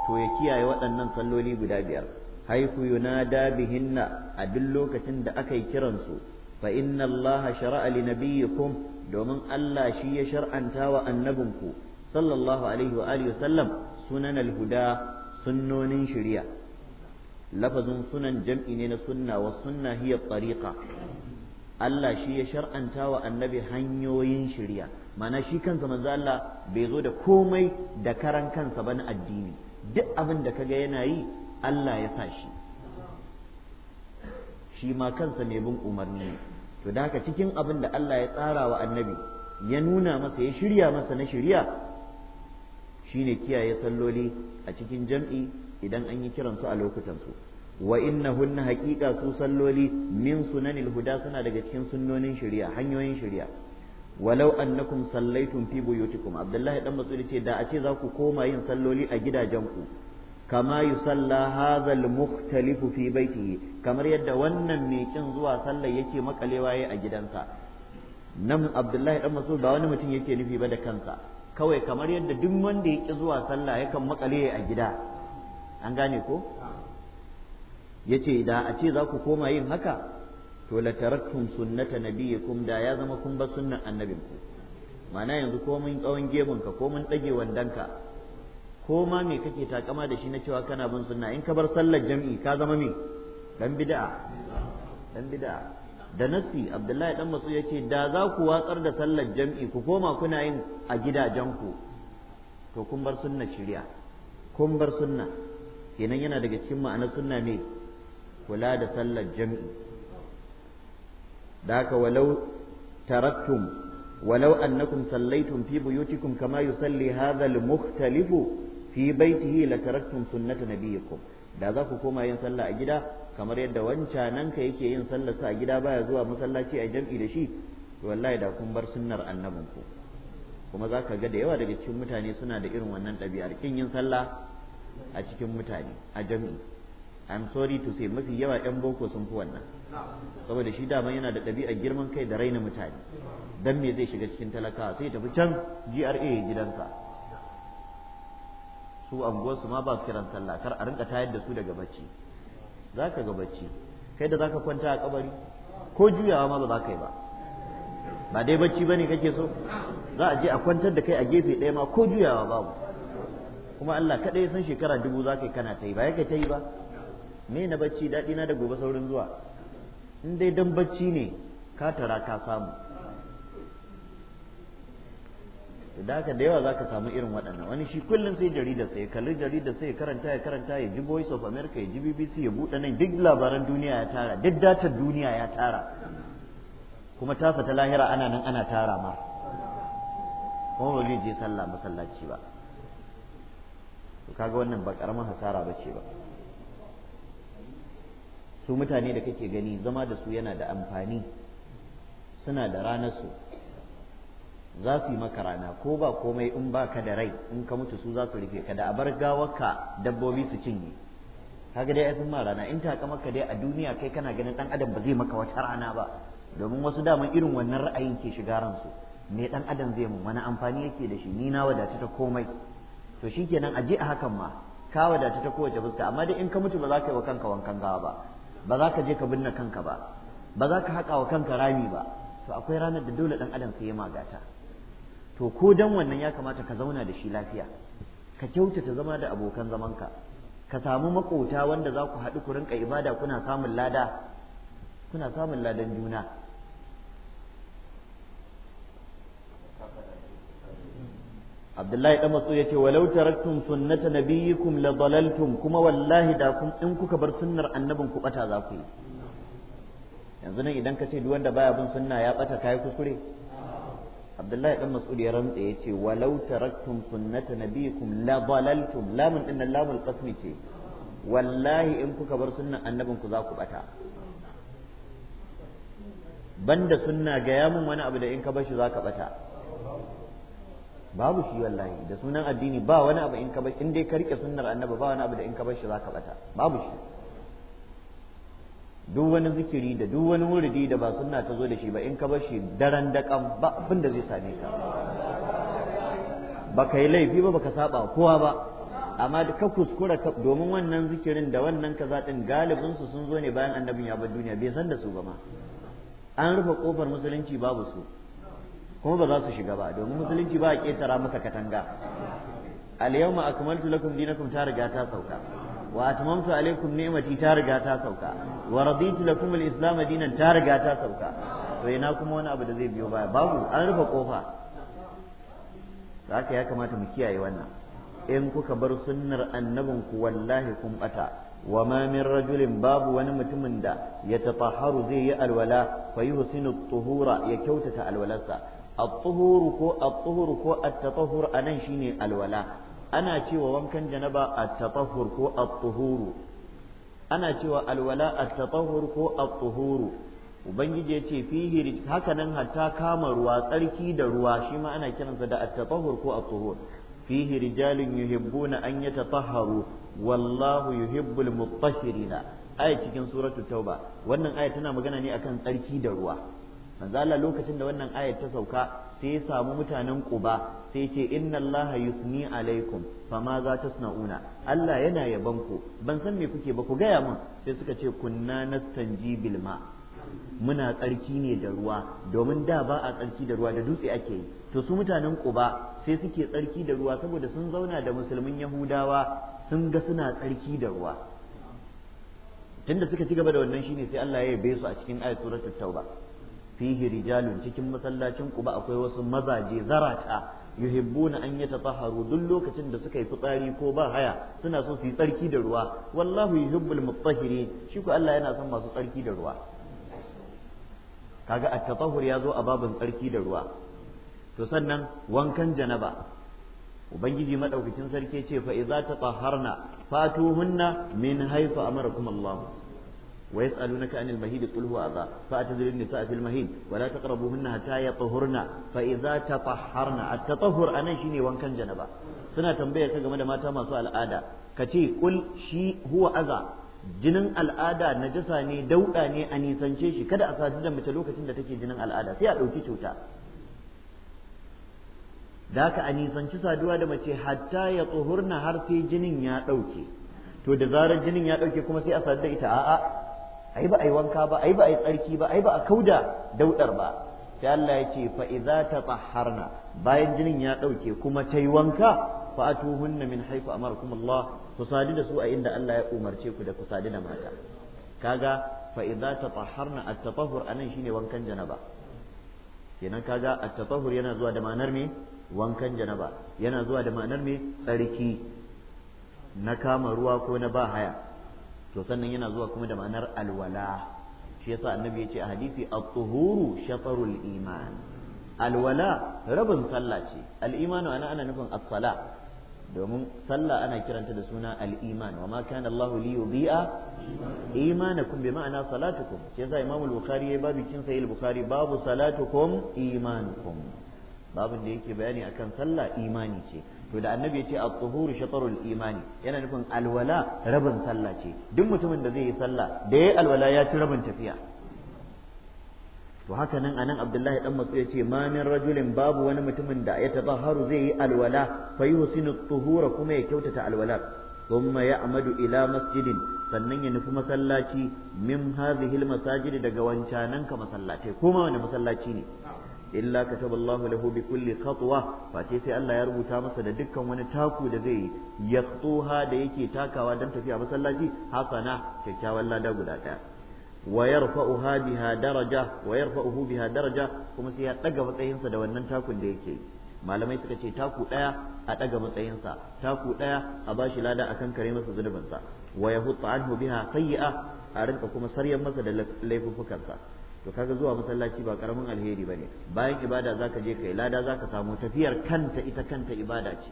to ya kiyaye waɗannan salloli guda biyar haiku yunada bihinna a duk lokacin da aka yi kiransu fa inna Allah shara'a li nabiyyikum domin Allah shi ya shar'anta wa annabinku sallallahu alaihi wa alihi sallam sunan al-huda sunnonin shari'a lafazin sunan jam'i ne na sunna wa sunna hiya tariqa Allah shi ya shar'anta wa annabi hanyoyin shari'a mana shi kansa manzo Allah bai zo da komai da karan kansa ba na addini duk abin da kaga yana yi Allah ya sa shi shi ma kansa mai bin umarni to da haka cikin abin da Allah ya tsara wa annabi ya nuna masa ya shirya masa na shirya shine kiyaye salloli a cikin jam'i idan an yi kiransu a lokutansu wa innahunna haqiqa su salloli min sunanil huda suna daga cikin sunnonin shari'a hanyoyin shirya. walau annakum sallaitum fi buyutikum abdullahi dan mas'ud ce da a ce za ku koma yin salloli a gidajenku kama yusalla hadha almukhtalifu fi baitihi kamar yadda wannan mai kin zuwa sallar yake makalewa yayi a gidansa nan abdullahi dan ba wani mutum yake nufi ba da kansa kawai kamar yadda duk wanda yake zuwa sallah yakan makale a gida an gane ko yace da a ce za ku koma yin haka to la taraktum sunnata nabiyikum da ya zama kun bar sunnan annabinku ma'ana yanzu ko mun tsawon gemun ka ko mun dage ka, ko ma me kake takama da shi na cewa kana bin sunna in ka bar sallar jam'i ka zama me dan bid'a dan bid'a da nasi abdullahi dan masu yace da za ku watsar da sallar jam'i ku koma kuna yin a gidajen ku, to kun bar sunna shari'a kun bar sunna kenan yana daga cikin ma'anar sunna ne kula da sallar jam'i da haka walau taraktum ولو أنكم صليتم في بيوتكم كما يصلي هذا المختلف في بيته لتركتم سنة نبيكم da za ku koma yin sallah a gida kamar yadda wancanan ka yake yin sallar sa a gida baya zuwa masallaci a jam'i da shi wallahi da kun bar sunnar annabin ku kuma za ka ga da yawa daga cikin mutane suna da irin wannan ɗabi'ar kin yin sallah a cikin mutane a jam'i i'm sorry to say mafi yawa 'yan boko sun fi wannan saboda shi daman yana da ɗabi'ar girman kai da raina mutane don me zai shiga cikin talakawa sai tafi can GRA ya gidansa su anguwarsu ma ba kiran sallah kar a rinka tayar da su daga bacci Za ka ga bacci kai da za ka kwanta a kabari ko juyawa ma ba za ka yi ba ba dai bacci ba ne kake so za a je a kwantar da kai a gefe ɗaya ma ko juyawa babu kuma Allah kaɗai san shekara dubu za ka yi kana ta yi ba ya ta yi ba me na bacci daɗi na da gobe saurin zuwa in dai dan bacci ne ka tara ka samu da haka da yawa zaka samu irin waɗannan wani shi kullum sai jarida sai kalli jarida sai karanta ya karanta ya ji voice of america ya ji bbc ya buɗe nan duk labaran duniya ya tara duk datar duniya ya tara kuma tasa ta lahira ana nan ana tara ma kuma ba zai je sallah masallaci ba to kaga wannan ba karamin hasara ba ce ba su mutane da kake gani zama da su yana da amfani suna da ranar su za su yi maka rana ko ba komai in ba ka da rai in ka mutu su za su rufe ka da abar gawarka dabbobi su cinye kaga dai sun ma rana in taka maka dai a duniya kai kana ganin dan adam ba zai maka wata rana ba domin wasu daman irin wannan ra'ayin ke shiga ransu me dan adam zai mun wani amfani yake da shi ni na wadata ta komai to shikenan aje a hakan ma ka wadata ta kowace fuska amma dai in ka mutu ba za ka yi wa kanka wankan gawa ba ba za ka je ka binne kanka ba ba za ka haƙa wa kanka rami ba to akwai ranar da dole ɗan adam sai ya magata to ko dan wannan ya kamata ka zauna da shi lafiya ka kyautata zama da abokan zamanka ka samu maƙota wanda za ku haɗu ku rinka ibada kuna samun lada kuna samun ladan juna Abdullahi dan ya ce, walau taraktum sunnata nabiyyikum la dalaltum kuma wallahi da kun in kuka bar sunnar annabin ku bata za ku yi yanzu nan idan ka ce duk wanda baya bin sunna ya bata kai kuskure Abdullahi dan Mas'ud ya rantsa yace walau taraktum sunnata nabiyyikum la dalaltum lamun inna lamul qasmi ce wallahi in kuka bar sunnan annabin ku za ku bata banda sunna ga yamin wani abu da in ka bar shi za ka bata babu shi wallahi da sunan addini ba wani abu in ka bar in dai ka rike sunnar annabi ba wani abu da in ka bar shi zaka bata babu shi duk wani zikiri da duk wani wuridi da ba sunna ta zo da shi ba in ka bar shi daren da kan ba abin da zai same ka ba ka yi laifi ba baka saba kowa ba amma da ka kuskura ka domin wannan zikirin da wannan kaza din galibin su sun zo ne bayan annabin ya bar duniya bai san da su ba ma an rufe kofar musulunci babu su kuma ba za su shiga ba domin musulunci ba a ƙetara masa katanga al akmaltu lakum dinakum ta riga ta sauka wa atmamtu alaykum ni'mati ta riga ta sauka wa raditu lakum al-islam dinan ta riga ta sauka to ina kuma wani abu da zai biyo baya babu an rufe kofa haka ya kamata mu kiyaye wannan in kuka bar sunnar annabin ku wallahi kun bata wa ma min rajulin babu wani mutumin da ya tafaharu zai yi alwala fa yuhsinu tuhura ya kyautata alwalarsa at-tuhuru ko at-tuhuru ko at-tatahhur anan shine alwala ana cewa wankan janaba at-tatahhur ko at-tuhuru ana cewa alwala at-tatahhur ko at-tuhuru ubangiji ya ce fihi hakanan hatta kama ruwa tsarki da ruwa shima ana kiransa da at-tatahhur ko at-tuhur fihi rijalun yuhibbuna an yatatahharu wallahu yuhibbul mutahhirina aya cikin suratul tauba wannan aya tana magana ne akan tsarki da ruwa manzo Allah lokacin da wannan ayat ta sauka sai ya samu mutanen Quba sai ya ce inna Allah yusni alaikum fa ma za tasnauna Allah yana yaban ku ban san me kuke ba ku gaya mun sai suka ce kunna nastanji bil ma muna tsarki ne da ruwa domin da ba a tsarki da ruwa da dutse ake yi to su mutanen Quba sai suke tsarki da ruwa saboda sun zauna da musulmin Yahudawa sun ga suna tsarki da ruwa tunda suka ci gaba da wannan shine sai Allah ya yabe su a cikin ayat suratul tauba fihi rijalun cikin masallacin ba akwai wasu mazaje zarata yuhibbuna an yatatahharu duk lokacin da suka yi fitsari ko ba haya suna so su yi tsarki da ruwa wallahu yuhibbul mutahhirin shi ko Allah yana son masu tsarki da ruwa kaga at-tatahhur ya zo a babin tsarki da ruwa to sannan wankan janaba ubangiji madaukakin sarki ce fa idza tatahharna fatuhunna min haythu amarakum Allah ويسألونك عن المهيد قل هو أذى فأتذر النساء في المهيد ولا تقربوهن حتى يطهرن فإذا تطهرن التطهر أنا شيني وان كان جنبا سنة تنبيه كما ما تما سؤال آدا كتي قل شي هو أذى jinin al'ada najasa ne dauda ne a nisance shi kada a sadu da mace lokacin da take jinin al'ada sai a ɗauki cuta da haka a nisanci saduwa da mace hatta ya tsohurna har sai jinin ya ɗauke to da zarar jinin ya ɗauke kuma sai a sadu da ita a'a ai ba ai wanka ba ai ba ai tsarki ba ai ba a kauda daudar ba sai Allah ya ce fa idza tatahharna bayan jinin ya dauke kuma tai wanka fa atuhunna min haifu amarakum Allah ku sadu da su a inda Allah ya umarce ku da ku sadu da mata kaga fa idza tatahharna at-tatahhur anan shine wankan janaba kenan kaga at-tatahhur yana zuwa da ma'anar me wankan janaba yana zuwa da ma'anar me tsarki na kama ruwa ko na ba haya to sannan yana zuwa kuma da ma'anar alwala shi yasa annabi yace a hadisi at-tuhuru shatarul iman alwala rabin sallah ce al ana ana nufin as-sala domin sallah ana kiranta da suna al-iman wa ma kana Allah li yudhi'a imanakum bi ma'ana salatukum shi yasa Imam al-Bukhari ya babu cin sahih al-Bukhari babu salatukum imanukum babin da yake bayani akan sallah imani ce to da annabi ya ce at-tuhuru shatrul imani yana nufin alwala rabin sallah ce duk mutumin da zai yi sallah da yayi alwala ya ci rabin tafiya to haka nan anan abdullahi dan matsu yace ma min rajulin babu wani mutumin da ya tabaharu zai yi alwala fa yuhsinu tuhura kuma ya kyautata alwala thumma ya'madu ila masjidin sannan ya nufi masallaci min hadhihi almasajid daga wancanan ka masallatai kuma wani masallaci ne illa kataballahu lahu bi kulli khatwa face sai Allah ya rubuta masa da dukkan wani taku da zai yaqtuha da yake takawa dan tafiya masallaci hasana kyakkyawan lada guda daya wa yarfa'uha biha daraja wa yarfa'uhu biha daraja kuma sai ya daga matsayinsa da wannan takun da yake yi malamai suka ce taku ɗaya a ɗaga matsayinsa taku ɗaya a bashi lada a kan kare masa zunubinsa wa ya anhu biha sayyi'a a rinka kuma saryan masa da laifuffukansa to kaga zuwa masallaci ba karamin alheri bane bayan ibada zaka je kai lada zaka samu tafiyar kanta ita kanta ibada ce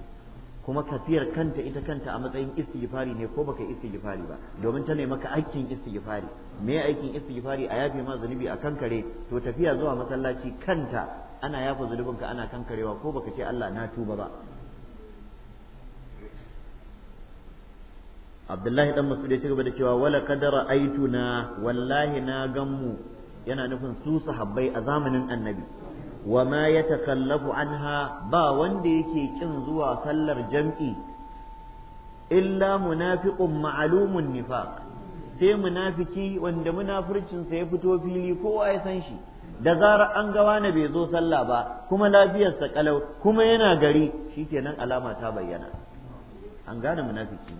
kuma tafiyar kanta ita kanta a matsayin istighfari ne ko baka istighfari ba domin ta ne maka aikin istighfari me aikin istighfari a yafe ma zunubi a kankare to tafiya zuwa masallaci kanta ana yafa ka ana kankarewa ko baka ce Allah na tuba ba Abdullahi dan Mas'ud ya ci gaba da cewa wala kadara aituna wallahi na mu yana nufin su sahabbai a zamanin annabi wa ma yatakhallafu anha ba wanda yake kin zuwa sallar jam'i illa munafiqun ma'alumun nifaq sai munafiki wanda munafircinsa ya fito fili kowa ya san shi da zarar an ga wani bai zo sallah ba kuma lafiyarsa kalau kuma yana gari shikenan alama ta bayyana an gane munafiki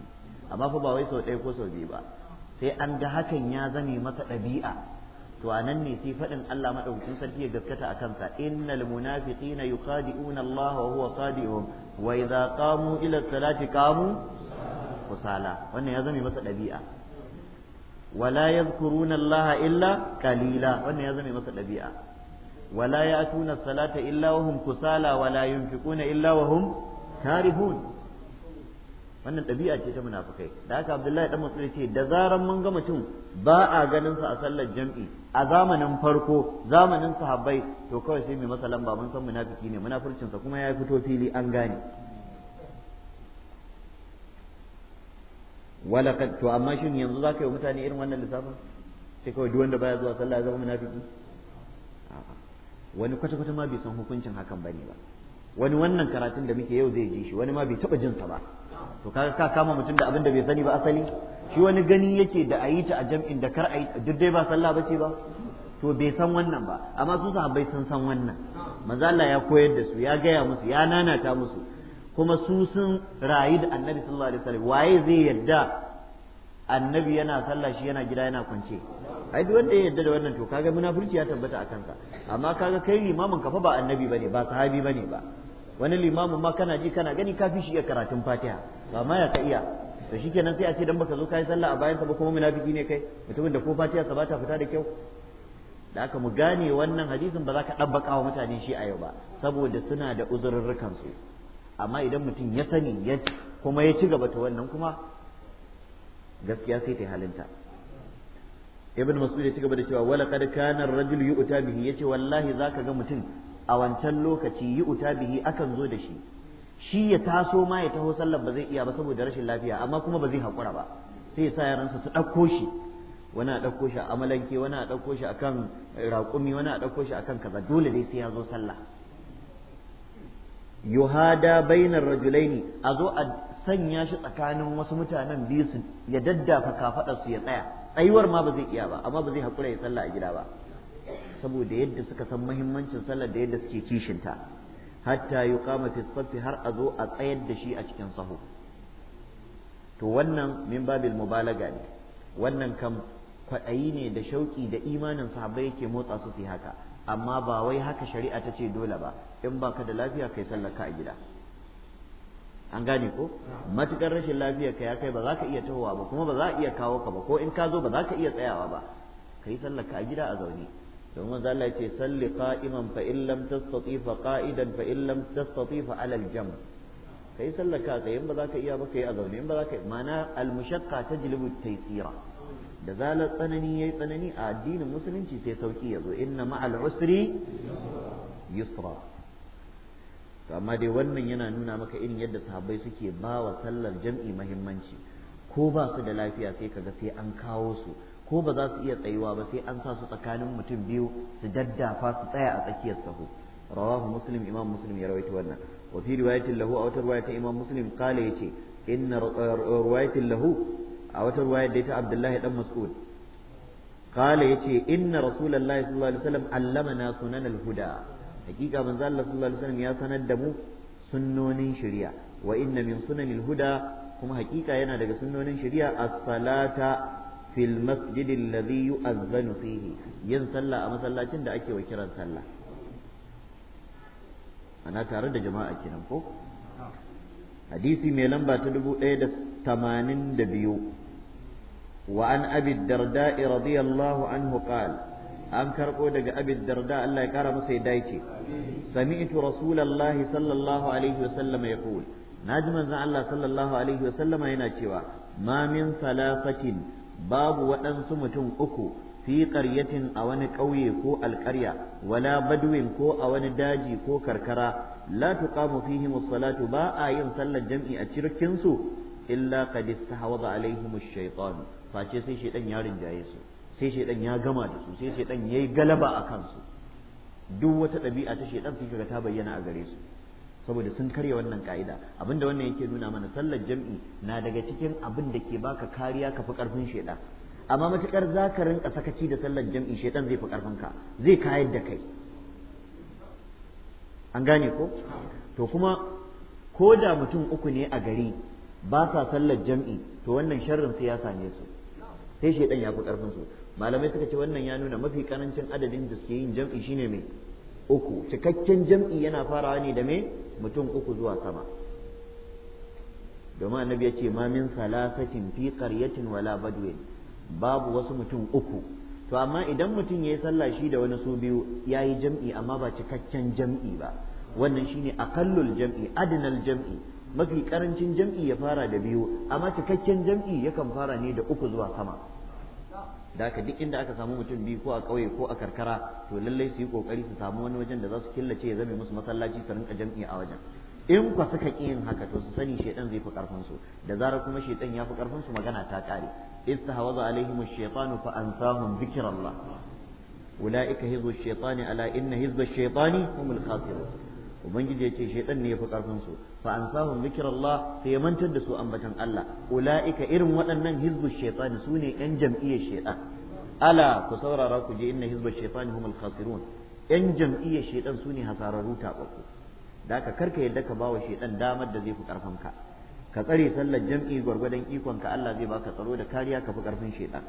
amma fa ba wai sau ɗaya ko sau biyu ba sai an ga hakan ya zame masa ɗabi'a to anan ne sai faɗin Allah madaukakin sarki ya gaskata a kansa? innal munafiqina yuqadi'una Allah wa huwa qadi'uhum wa idza qamu ila salati qamu kusala wannan ya zame masa ɗabi'a. wala yadhkuruna Allah illa qalila wannan ya zame masa ɗabi'a. wala ya'tuna salata illa wa hum kusala wala yunfiquna illa wa hum karihun wannan ɗabi'a ce ta munafukai da haka abdullahi dan mas'ud ce da zaran mun ga mutum ba a ganin sa a sallar jam'i a zamanin farko zamanin sahabbai to kawai sai mai masa lamba mun san munafiki ne munafurcinsa kuma ya fito fili an gane wala to amma shin yanzu zaka yi mutane irin wannan lissafin sai kawai duk wanda baya zuwa sallah zama munafiki wani kwata kwata ma bai san hukuncin hakan bane ba wani wannan karatun da muke yau zai ji shi wani ma bai taba jin sa ba to kaga ka kama mutum da abin da bai sani ba asali shi wani gani yake da a yi ta a jam'in da kar a yi duk dai ba sallah ba ce ba to bai san wannan ba amma su sahabbai sun san wannan manzo ya koyar da su ya gaya musu ya nanata musu kuma su sun rayu da annabi sallallahu alaihi wasallam waye zai yarda annabi yana sallah shi yana gida yana kwance ai wanda ya yarda da wannan to kaga munafurci ya tabbata akan sa amma kaga kai limamin kafa ba annabi bane ba sahabi bane ba wani limamin ma kana ji kana gani kafi shi iya karatun fatiha ba ma ya ka iya to kenan sai a ce dan baka zo kai sallah a bayan sa ba kuma munafiki ne kai mutumin da ko fatiya sa ba fita da kyau da aka mu gane wannan hadisin ba za ka dabbaka wa mutane shi a yau ba saboda suna da uzurrukan su amma idan mutum ya sani ya kuma ya ci gaba ta wannan kuma gaskiya sai ta halinta ibn mas'ud ya ci gaba da cewa wala qad kana ar-rajul yu'ta bihi yace wallahi zaka ga mutum a wancan lokaci yu'ta bihi akan zo da shi shi ya taso ma ya taho sallar ba zai iya ba saboda rashin lafiya amma kuma ba zai haƙura ba sai ya sa yaransa su ɗauko shi wani a ɗauko shi a amalanke wani a ɗauko shi akan raƙumi wani a ɗauko shi akan kaza dole dai sai ya zo sallah yuhada bainar rajulaini a zo a sanya shi tsakanin wasu mutanen biyu su ya daddafa kafadar su ya tsaya tsayuwar ma ba zai iya ba amma ba zai hakura ya sallah a gida ba saboda yadda suka san muhimmancin sallar da yadda suke kishinta hatta kama fi har a zo a tsayar da shi a cikin sahu to wannan min babil mubalaga ne wannan kam kwaɗayi ne da shauƙi da imanin sahabbai yake motsa su fi haka amma ba wai haka shari'a ta ce dole ba in baka da lafiya kai sallaka a gida an gane ko matukar rashin lafiya ka ya kai ba za ka iya tahowa ba kuma ba za a iya kawo ka ba ko in ka zo ba za ka iya tsayawa ba ka yi sallaka a gida a zaune don manzo Allah ce salli qa'iman fa in lam tastati fa qa'idan fa in lam tastati fa ala al-jam kai sallaka tsaye in ba za ka iya ba kai a zaune in ba za ka mana al-mushaqqa tajlibu at-taysira da zalar tsanani yayi tsanani a addinin musulunci sai sauki yazo inna ma'al usri yusra to amma dai wannan yana nuna maka irin yadda sahabbai suke ba wa sallar jam'i muhimmanci ko ba su da lafiya sai kaga sai an kawo su ko ba za su iya tsayuwa ba sai an sa su tsakanin mutum biyu su daddafa su tsaya a tsakiyar sahu rawahu muslim imam muslim ya rawaito wannan wa fi riwayatin lahu a wata riwaya ta imam muslim qala yace inna riwayatin lahu a wata riwaya da ta abdullahi dan mas'ud qala yace inna rasulullahi sallallahu alaihi wasallam allamana sunan al-huda hakika manzo Allah sallallahu alaihi ya sanar da mu sunnonin shari'a wa inna min sunanil kuma hakika yana daga sunnonin shirya as fil masjid alladhi yu'adhdhanu fihi yin sallah a masallacin da ake wa kiran sallah ana tare da jama'a kenan ko hadisi mai lamba ta dubu ɗaya da tamanin da biyu wa an abi darda radiyallahu anhu qala an karɓo daga abin darda Allah ya ƙara masa ya dace sami'tu rasulallahi sallallahu alaihi wa sallam ya qul naji Allah sallallahu alaihi wa sallam yana cewa mamin min babu waɗansu mutum uku fi ƙaryatin a wani ƙauye ko alƙarya wala badwin ko a wani daji ko karkara la tuqamu fihi musallatu ba a yin sallar jam'i a cikin su illa qad istahwadha alaihim ash-shaytan face sai shedan ya rinjaye su sai shedan ya gama da su sai shedan yayi galaba a kansu duk wata ɗabi'a ta shedan sai kaga ta bayyana a gare su saboda sun karya wannan ka'ida abinda wannan yake nuna mana sallar jam'i na daga cikin abin da ke baka kariya ka fi karfin shedan amma matukar za ka rinka sakaci da sallar jam'i shedan zai fi karfin ka zai kayar da kai an gane ko to kuma ko da mutum uku ne a gari ba sa sallar jam'i to wannan sharrin sai ya same su sai shedan ya fi karfin su malamai suka ce wannan ya nuna mafi karancin adadin da suke yin jam'i shine mai uku cikakken jam'i yana farawa ne da me mutum uku zuwa sama domin annabi ya ce mamin salasatin fi qaryatin wala badwin babu wasu mutum uku to amma idan mutum ya yi sallah shi da wani su biyu yayi jam'i amma ba cikakken jam'i ba wannan shine aqallul jam'i adnal jam'i mafi karancin jam'i ya fara da biyu amma cikakken jam'i yakan fara ne da uku zuwa sama da haka duk inda aka samu mutum biyu ko a ƙauye ko a karkara to lallai su yi kokari su samu wani wajen da za su killace ya zame musu masallaci su rinka jam'i a wajen in kwa suka ƙi yin haka to su sani shaitan zai fi karfin su da zarar kuma shaitan ya fi karfin su magana ta ƙare istahwaza alaihim ash-shaytanu fa ansahum dhikrallah ulaika hizbu ash-shaytani ala inna hizba ash-shaytani humul khasirun ubangiji ya ce shaitan ne ya fi karfin su fa ansahum Allah sai ya mantar da su ambatan Allah ulaika irin waɗannan hizbu shaitan su ne yan jam'iyyar shaitan ala ku saurara ku je inna hizbu shaitan humul khasirun yan jam'iyyar shaitan su ne hasararru tababbu da ka karka yadda ka bawa shaitan damar da zai fi karfin ka ka tsare sallar jam'i gwargwadon ikon ka Allah zai baka tsaro da kariya ka fi karfin shaitan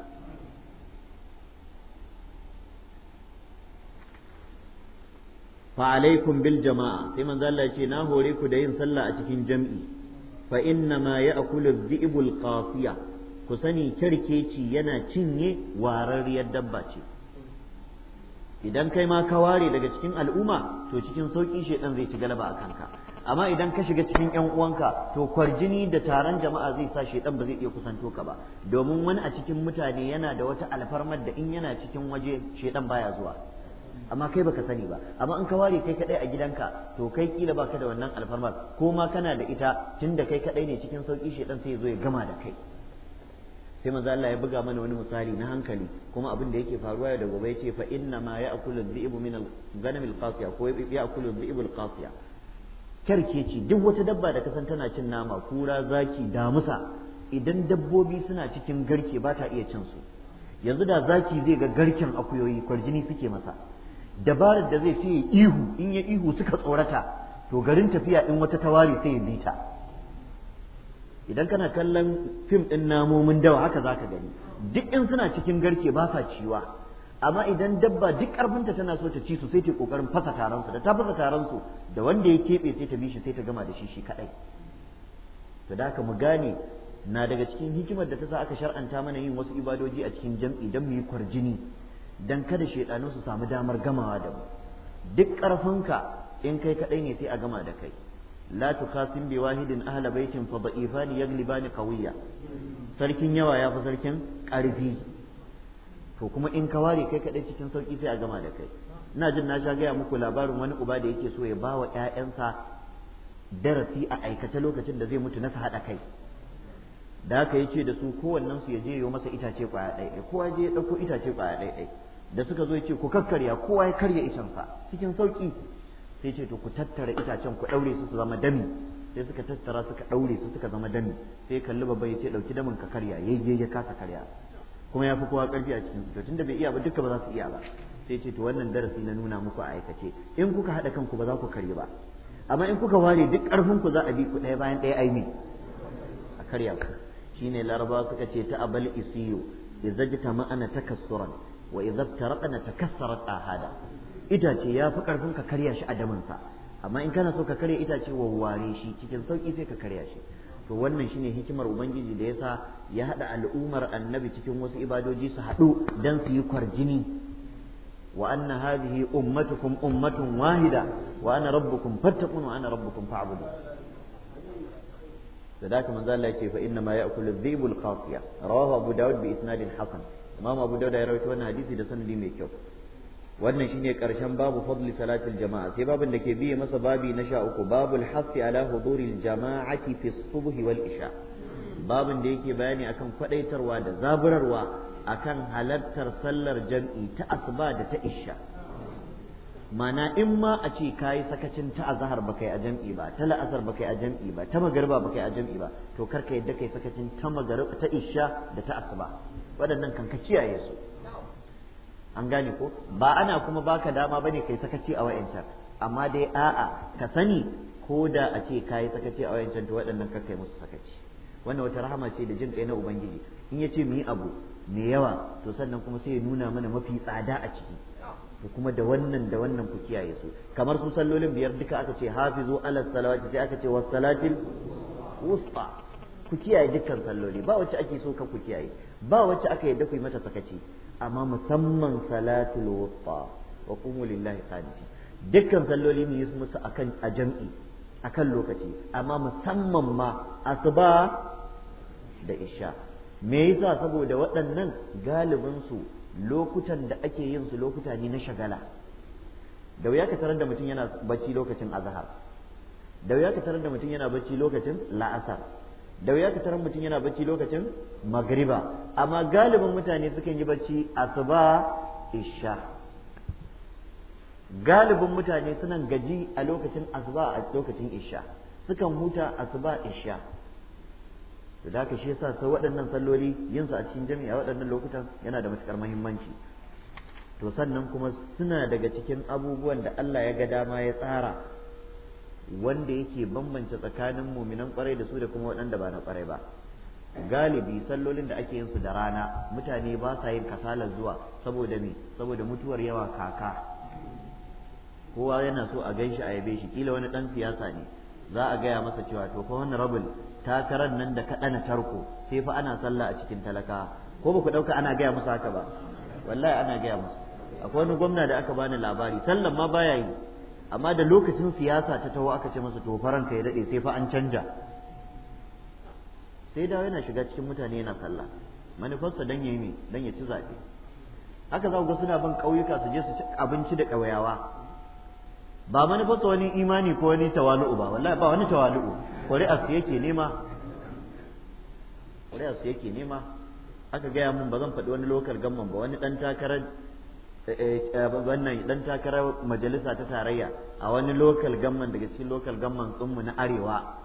fa alaikum bil jama'a sai manzo Allah ya ce na hore ku da yin sallah a cikin jam'i fa inna ma ya'kulu dhi'bul qafiya ku sani kyarkeci yana cinye wararriyar dabba ce idan kai ma ka ware daga cikin al'umma to cikin sauƙi shaidan zai ci galaba a kanka amma idan ka shiga cikin yan uwanka to kwarjini da taron jama'a zai sa shaidan ba zai iya kusanto ka ba domin wani a cikin mutane yana da wata alfarmar da in yana cikin waje shaidan baya zuwa amma kai baka sani ba amma in ka ware kai kadai a gidanka to kai kila baka da wannan alfarmar ko ma kana da ita tunda kai kadai ne cikin sauki shedan sai ya zo ya gama da kai sai manzo Allah ya buga mana wani misali na hankali kuma abin da yake faruwa da gobe yace fa inna ma ya'kulu dhi'bu min al-ghanam al-qasiya ko ya'kulu dhi'bu al-qasiya kerkeci duk wata dabba da kasan tana cin nama kura zaki damusa idan dabbobi suna cikin garke ba ta iya cin su yanzu da zaki zai ga garken akuyoyi kwarjini suke masa dabarar da zai sai ihu in ya ihu suka tsorata to garin tafiya in wata tawari sai ya bita idan kana kallon fim ɗin namomin dawa haka zaka gani duk in suna cikin garke ba sa ciwa amma idan dabba duk ƙarfinta tana so ta ci su sai ta kokarin fasa taronsu da ta fasa taron su da wanda ya keɓe sai ta bi shi sai ta gama da shi shi kaɗai to da haka mu gane na daga cikin hikimar da ta sa aka shar'anta mana yin wasu ibadoji a cikin jam'i don mu yi kwarjini dan kada shaidanu su samu damar gamawa da mu duk ƙarfinka in kai kaɗai ne sai a gama da kai la tukasim bi wahidin ahla baitin fa da'ifani yaglibani qawiyya sarkin yawa ya fi sarkin ƙarfi to kuma in ka ware kai kaɗai cikin sauki sai a gama da kai ina jin na sha gaya muku labarin wani uba da yake so ya ba wa ‘ya'yansa darasi a aikata lokacin da zai mutu na nasa haɗa kai da haka ya ce da su kowannen su ya je masa itace kwaya ɗaya kowa je ya ɗauko itace kwaya ɗaya da suka zo yace ku kakkarya kowa ya karya icensa cikin sauki sai ce to ku tattara itacen ku daure su su zama dami sai suka tattara suka daure su suka zama dami sai kalli babba ya ce dauki damin ka karya yayye ya kasa karya kuma ya fi kowa karfi a cikin to tunda bai iya ba duka ba za su iya ba sai ce to wannan darasi na nuna muku a aikace in kuka haɗa kanku ba za ku karye ba amma in kuka ware duk karfin ku za a bi ku ɗaya bayan ɗaya aini a karya ku shine larabawa suka ce ta abal isiyo izajta ma'ana takassuran wa idza taraqna takassarat ahada itace ya fi karfin ka karya shi a daminsa amma in kana so ka karya itace ware shi cikin sauki sai ka karya shi to wannan shine hikimar ubangiji da yasa ya hada al'umar annabi cikin wasu ibadoji su hadu dan su yi kwarjini wa anna hadhihi ummatukum ummatun wahida wa ana rabbukum fattaqun wa ana rabbukum fa'budu sadaka manzo Allah yake fa inna ma ya'kulu dhibul qasiya rawahu abu daud bi isnadin hasan imamu abu dauda ya rawaito wannan hadisi da sanadi mai kyau wannan shine karshen babu fadli salatil jama'a sai babin da ke biye masa babi na sha uku babu hafi ala huduril jama'ati fi subhi wal isha babin da yake bayani akan kwadaitarwa da zaburarwa akan halartar sallar jam'i ta asuba da ta isha mana in ma a ce kayi sakacin ta azhar baka yi a jam'i ba ta la'asar baka yi a jam'i ba ta magariba baka yi a jam'i ba to karka yadda kai sakacin ta magariba ta isha da ta asuba waɗannan kan ka kiyaye su an gane ko ba ana kuma baka dama bane kai sakaci a wayancan amma dai a'a ka sani ko da a ce kayi sakaci a wayancan to waɗannan ka kai musu sakaci wannan wata rahama ce da jin kai na ubangiji in yace mu yi abu mai yawa to sannan kuma sai ya nuna mana mafi tsada a ciki to kuma da wannan da wannan ku kiyaye su kamar su sallolin biyar duka aka ce hafizu ala salawati sai aka ce was salatil wusta ku kiyaye dukkan salloli ba wacce ake so ka ku kiyaye ba wacce aka yadda ku yi mata sakaci amma musamman salatul wusta wa qumu lillahi qanitin dukkan salloli ne yi musu akan a jam'i akan lokaci amma musamman ma asuba da isha me yasa saboda waɗannan galibin su lokutan da ake yin su lokuta ne na shagala da wuya ka tarar da mutum yana bacci lokacin azhar da wuya ka tarar da mutum yana bacci lokacin la'asar da wuya ka tarar mutum yana bacci lokacin magriba amma galibin mutane sukan yi bacci asuba isha galibin mutane suna gaji a lokacin asuba a lokacin isha sukan huta asuba isha Da da shi yasa sai waɗannan salloli yin su a cikin jami'a waɗannan lokutan yana da matukar muhimmanci to sannan kuma suna daga cikin abubuwan da Allah ya ga dama ya tsara wanda yake bambance tsakanin muminan kwarai da su da kuma waɗanda ba na kwarai ba galibi sallolin da ake yin su da rana mutane ba sa yin kasalar zuwa saboda me saboda mutuwar yawa kaka kowa yana so a ganshi a yabe shi kila wani dan siyasa ne za a gaya masa cewa to fa wannan rabul takarar nan da kaɗana tarko sai fa ana sallah a cikin talaka ko ba ku ɗauka ana gaya musu haka ba wallahi ana gaya musu akwai wani gwamna da aka bani labari sallan ma baya yi amma da lokacin siyasa ta taho aka ce masa to faranka ya daɗe sai fa an canja sai dawo yana shiga cikin mutane yana sallah manufarsa dan yayi ne dan ya ci zaɓe haka za ku ga suna ban ƙauyuka su je su ci abinci da ƙauyawa ba manufarsa wani imani ko wani tawalu'u ba wallahi ba wani tawalu'u ƙuri'ar su yake nema ƙuri'ar su yake nema aka gaya mun ba zan faɗi wani lokal gamman ba wani ɗan takarar Eh, eh, wannan dan takarar majalisa ta tarayya a wani lokal gamman daga cikin lokal gamman tsunmu na arewa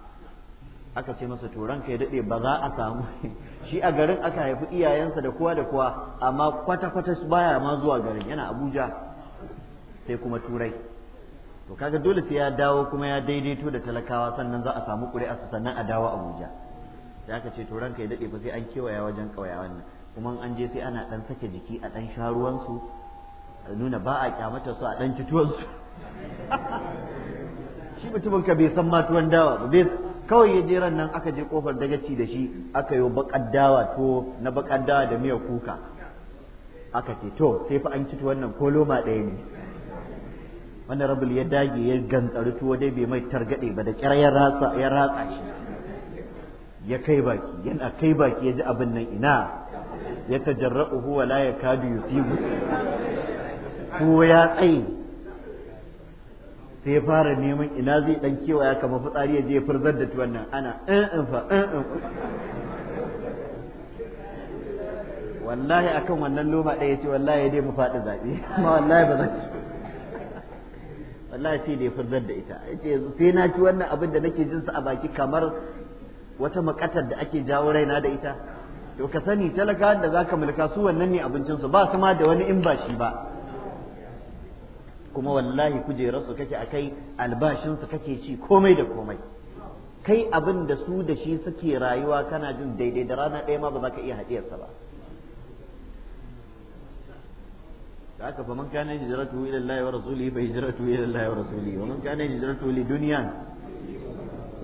aka ce masa turan kai daɗe ba za a samu shi a garin aka haifi iyayensa da kowa da kowa amma kwata-kwata baya ma zuwa garin yana abuja sai kuma turai to kaga dole sai ya dawo kuma ya daidaito da talakawa sannan za a samu ƙuri'a su sannan a dawo abuja sai aka ce turan kai daɗe ba sai an kewaya wajen ƙauyawan nan kuma an je sai ana ɗan sake jiki a ɗan sha ruwansu nuna ba a kyamata su a ɗan tuwon shi mutumin ka bai san ma dawa ba bai kawai ya je nan aka je kofar dagaci da shi aka yi bakar dawa to na bakar dawa da miyar kuka aka ce to sai fa an ci wannan nan ko loma ɗaya ne wannan rabul ya dage ya gantsari tuwo dai bai mai targaɗe ba da kyar ya ratsa shi ya kai baki yana kai baki ya ji abin nan ina ya tajarra'u huwa la yakadu yusibu ko ya tsaye sai fara neman ina zai dan kewaya kama fitsari ya je furzar da tuwan nan ana in eh, eh, fa in eh, wallahi akan wannan loma ɗaya ce wallahi dai mu faɗi zaɓe amma wallahi ba zan ci wallahi sai dai furzar da ita yace sai na ci wannan abin da nake jinsa a baki kamar wata makatar da ake jawo raina da ita to ka sani talaka da zaka mulka su wannan ne abincinsu ba su ma da wani in ba shi ba kuma wallahi kujerarsu kake kai albashinsu kake ci komai da komai kai abin da su da shi suke rayuwa kana jin daidai da rana ɗaya ma ba za ka iya haɗiyarsa ba da aka faman kana hijratu ila Allah wa rasuli fa hijratu ila Allah wa rasuli wa man kana hijratu li duniya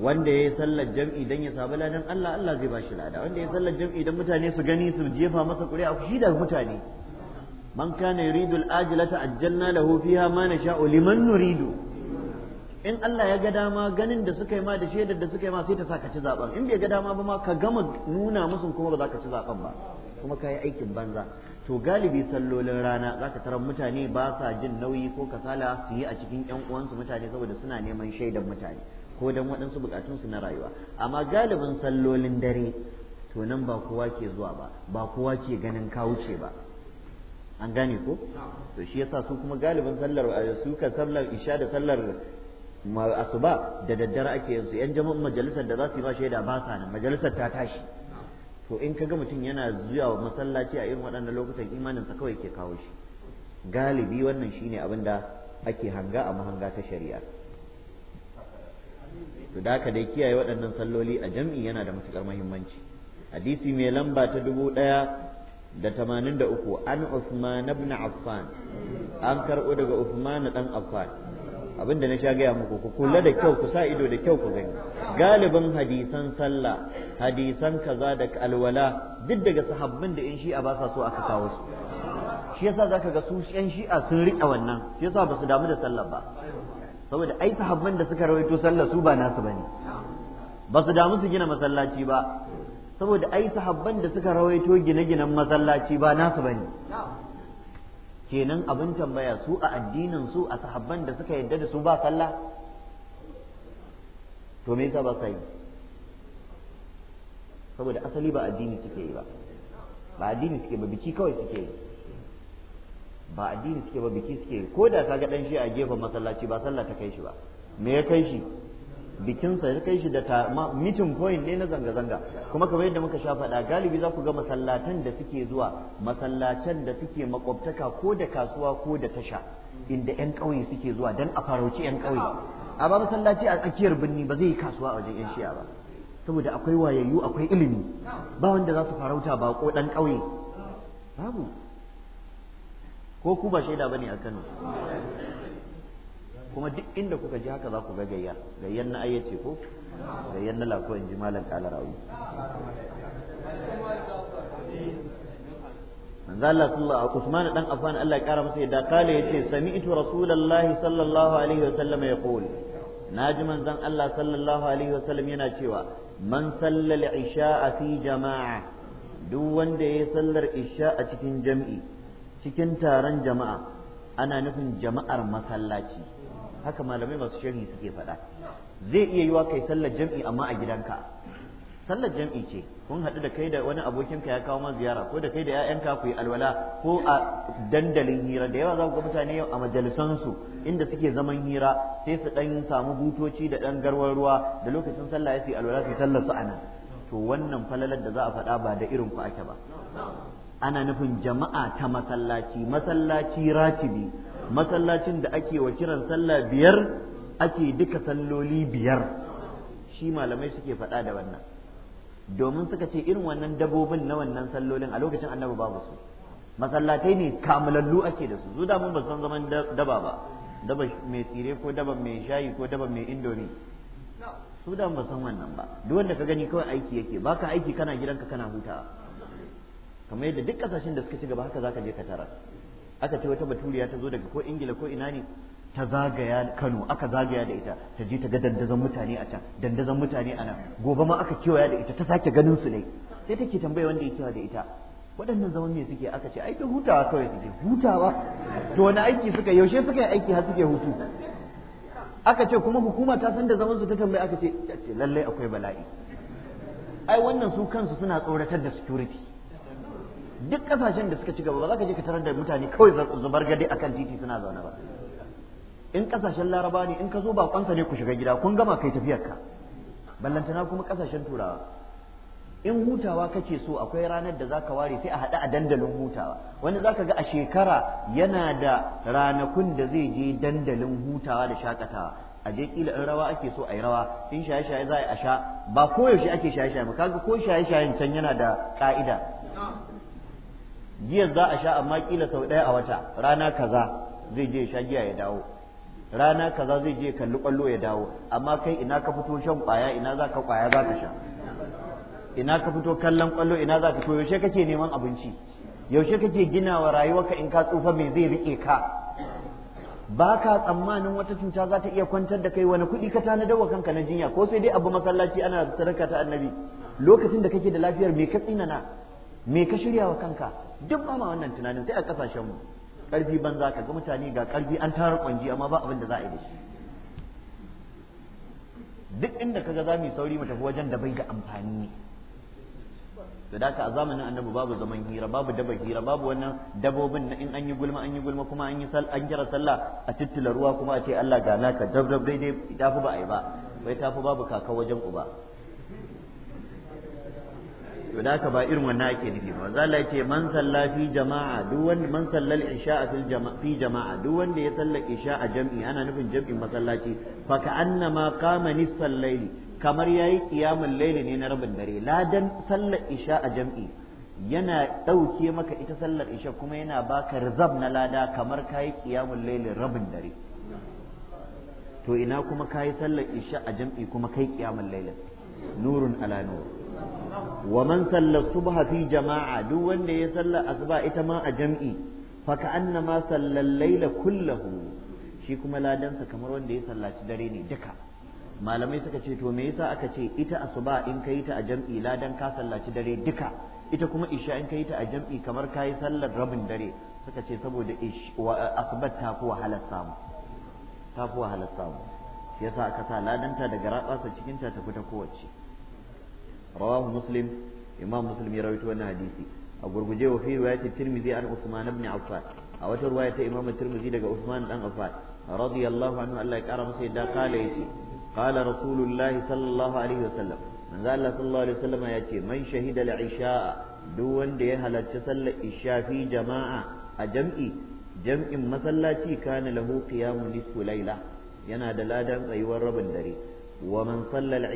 wanda yayi sallar jam'i dan ya sabu ladan Allah Allah zai bashi lada wanda yayi sallar jam'i dan mutane su gani su jefa masa ƙuri'a shi da mutane man kana yuridu al-ajilata ajjalna lahu fiha ma nasha'u liman nuridu in Allah ya ga dama ganin da suka yi ma da shaidar da suka yi ma sai ta saka ci zaben in bai ga dama ba ma ka gama nuna musu kuma ba za ka ci zaben ba kuma ka yi aikin banza to galibi sallolin rana za ka tarar mutane ba sa jin nauyi ko kasala su yi a cikin yan uwansu mutane saboda suna neman shaidar mutane ko dan waɗansu su na rayuwa amma galibin sallolin dare to nan ba kowa ke zuwa ba ba kowa ke ganin ka wuce ba an gane ko to shi yasa su kuma galibin sallar eh, su kan sallar isha da sallar asuba da daddare ake yin su yan jama'un majalisar da za su yi ba shaida ba sa nan majalisar ta tashi to in kaga mutum yana zuwa masallaci a irin waɗannan lokutan imaninsa kawai ke kawo shi galibi wannan shine abin da ake hanga a mahanga ta shari'a to da ya dai kiyaye waɗannan salloli a jam'i yana da matukar muhimmanci hadisi mai lamba ta dubu ɗaya da tamanin da uku an Usman ibn Affan an karɓo daga Usman dan Affan abinda na sha gaya muku ku kula da kyau ku sa ido da kyau ku gani galibin hadisan sallah hadisan kaza da alwala duk daga sahabbin da in shi'a ba sa so aka kawo su shi yasa zaka ga su yan shi'a sun riƙa wannan shi yasa ba su damu da sallah ba saboda ai sahabban da suka rawaito sallah su ba nasu bane ba su damu su gina masallaci ba saboda ai sahabban da suka rawaito gine-ginen masallaci ba nasu bane kenan abin tambaya su a addinin su a sahabban da suka yadda da su ba sallah to me yasa ba sai? saboda asali ba addini suke yi ba ba addini suke ba biki kawai suke yi ba addini suke ba biki suke yi ko da kaga dan shi a gefen masallaci ba sallah ta kai shi ba me ya kai shi bikinsa ya kai shi da mitin point ne na zanga-zanga kuma kamar yadda muka sha faɗa galibi za ku ga masallatan da suke zuwa masallacen da suke makwabtaka ko da kasuwa ko da tasha inda 'yan ƙauye suke zuwa dan a farauci 'yan ƙauye ba masallaci a tsakiyar birni ba zai yi kasuwa a wajen ƴan shi'a ba saboda akwai wayayyu akwai ilimi ba wanda za su farauta ba ko ɗan ƙauye babu ko ku ba shaida bane a Kano kuma duk inda kuka ji haka za ku ga gayya gayyan na ayyace ko gayyan na lako in ji malam kalarawi manzo Allah sallallahu alaihi Usman dan Affan Allah ya kara masa yadda kale yace sami'tu rasulullahi sallallahu alaihi wasallam yaqul naji manzon Allah sallallahu alaihi wasallam yana cewa man sallal isha'a fi jama'a duk wanda ya sallar isha a cikin jami'i, cikin taron jama'a ana nufin jama'ar masallaci haka malamai masu sharhi suke faɗa zai iya yiwa kai sallar jam'i amma a gidanka sallar jam'i ce kun haɗu da kai da wani abokinka ya kawo ma ziyara ko da kai da 'ya'yanka ku yi alwala ko a dandalin hira da yawa za ku ga mutane yau a majalisansu inda suke zaman hira sai su ɗan samu butoci da ɗan garwar ruwa da lokacin sallah ya su alwala su sallar su nan to wannan falalar da za a faɗa ba da irin ku ake ba ana nufin jama'a ta masallaci masallaci ratibi masallacin da ake wa kiran sallah biyar ake duka salloli biyar shi malamai suke faɗa da wannan domin suka ce irin wannan dabobin na wannan sallolin a lokacin annabi babu su masallatai ne kamalallu ake da su su da mun ba zaman daba ba daba mai tsire ko daba mai shayi ko daba mai indomi su da ba san wannan ba duk wanda ka gani kawai aiki yake baka aiki kana gidanka kana hutawa kamar yadda duk kasashen da suka ci gaba haka zaka je ka tarar aka ce wata baturiya ta zo daga ko ingila ko ina ne ta zagaya kano aka zagaya da ita ta je ta ga dandazon mutane a can dandazon mutane a nan gobe ma aka kewaya da ita ta sake ganin su ne sai take tambaya wanda ya kewa da ita waɗannan zaman me suke aka ce ai ta hutawa kawai suke hutawa to wani aiki suka yaushe suka yi aiki har suke hutu aka ce kuma hukuma ta san da zaman su ta tambaya aka ce lallai akwai bala'i ai wannan su kansu suna tsoratar da security duk kasashen da suka ci gaba ba za ka je ka tarar da mutane kawai zubar gade akan titi suna zaune ba in kasashen laraba ne in ka zo kwansa ne ku shiga gida kun gama kai tafiyar ka ballantana kuma kasashen turawa in hutawa kake so akwai ranar da zaka ware sai a haɗu a dandalin hutawa wani zaka ga a shekara yana da ranakun da zai je dandalin hutawa da shakatawa a je kila in rawa ake so a yi rawa in shaye-shaye za a sha ba koyaushe ake shaye-shaye ba kaga ko shaye-shayen can yana da ka'ida giyar za a sha amma kila sau ɗaya a wata rana kaza zai je sha giya ya dawo rana kaza zai je kalli ƙwallo ya dawo amma kai ina ka fito shan kwaya ina za ka kwaya za ka sha ina ka fito kallon kwallo ina za ka to yaushe kake neman abinci yaushe kake gina wa rayuwarka in ka tsufa me zai rike ka ba ka tsammanin wata cuta za ta iya kwantar da kai wani kuɗi ka tanadar wa kanka na jinya ko sai dai abu masallaci ana sadaka ta annabi lokacin da kake da lafiyar me ka tsinana me ka shirya wa kanka duk ba ma wannan tunanin sai a kasashen mu karfi banza ka ga mutane ga karfi an tara kwanji amma ba abin da za a yi da shi duk inda kaga za mu sauri mu tafi wajen da bai da amfani to da a zamanin annabi babu zaman hira babu daba hira babu wannan dabobin na in an yi gulma an yi gulma kuma an yi sal an kira sallah a tittila ruwa kuma a ce Allah ga naka dab dab daidai tafi ba a yi ba bai tafi babu kaka wajen uba to da ba irin wannan ake nufi ba manzo Allah yace man salla fi jama'a duk wanda man salla al-isha fi jama'a fi jama'a duk wanda ya salla isha a jam'i ana nufin jam'in masallaci fa annama qama nisfal layli kamar yayi qiyamul layli ne na rabin dare ladan sallar isha a jam'i yana ɗauke maka ita sallar isha kuma yana baka rizab na lada kamar kayi qiyamul layli rabin dare to ina kuma kayi sallar isha a jam'i kuma kai qiyamul layli nurun ala nur wa man salla subha fi jama'a duk wanda ya salla asuba ita ma a jam'i fa ka'annama salla laila kullahu shi kuma ladansa kamar wanda ya sallaci dare ne duka malamai suka ce to me yasa aka ce ita asuba in ka yi ta a jam'i ladan ka sallaci dare duka ita kuma isha in ka yi ta a jam'i kamar ka yi sallar rabin dare suka ce saboda asubar ta fi wahalar samu ta fi wahalar yasa aka sa ladanta daga ratsasa cikinta ta ta kowace rawahu muslim imam muslim ya rawaito wannan hadisi a gurguje wa fi an usman ibn affan a wata riwaya ta imam tirmidhi daga usman dan affan radiyallahu anhu Allah ya kara masa yadda kala qala rasulullahi sallallahu alaihi wasallam manzo Allah sallallahu alaihi wasallam yace man shahida al-isha duk wanda ya halarci sallar isha fi jama'a a jam'i jam'in masallaci kana lahu qiyamu nisfu laila yana da ladan tsayuwar rabin dare wa man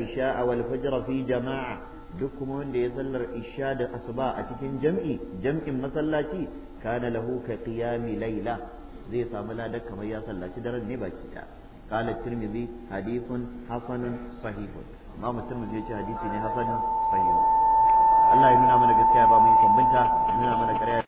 isha wal fajr fi jama'a duk kuma wanda ya sallar isha da asuba a cikin jam'i jam'in masallaci kana lahu ka qiyami layla zai samu ladar kamar ya sallaci daren ne baki da قال الترمذي حديث حسن صحيح امام الترمذي يجي حديث حسن صحيح Allah ya nuna mana gaskiya ba mu yi nuna mana ƙarya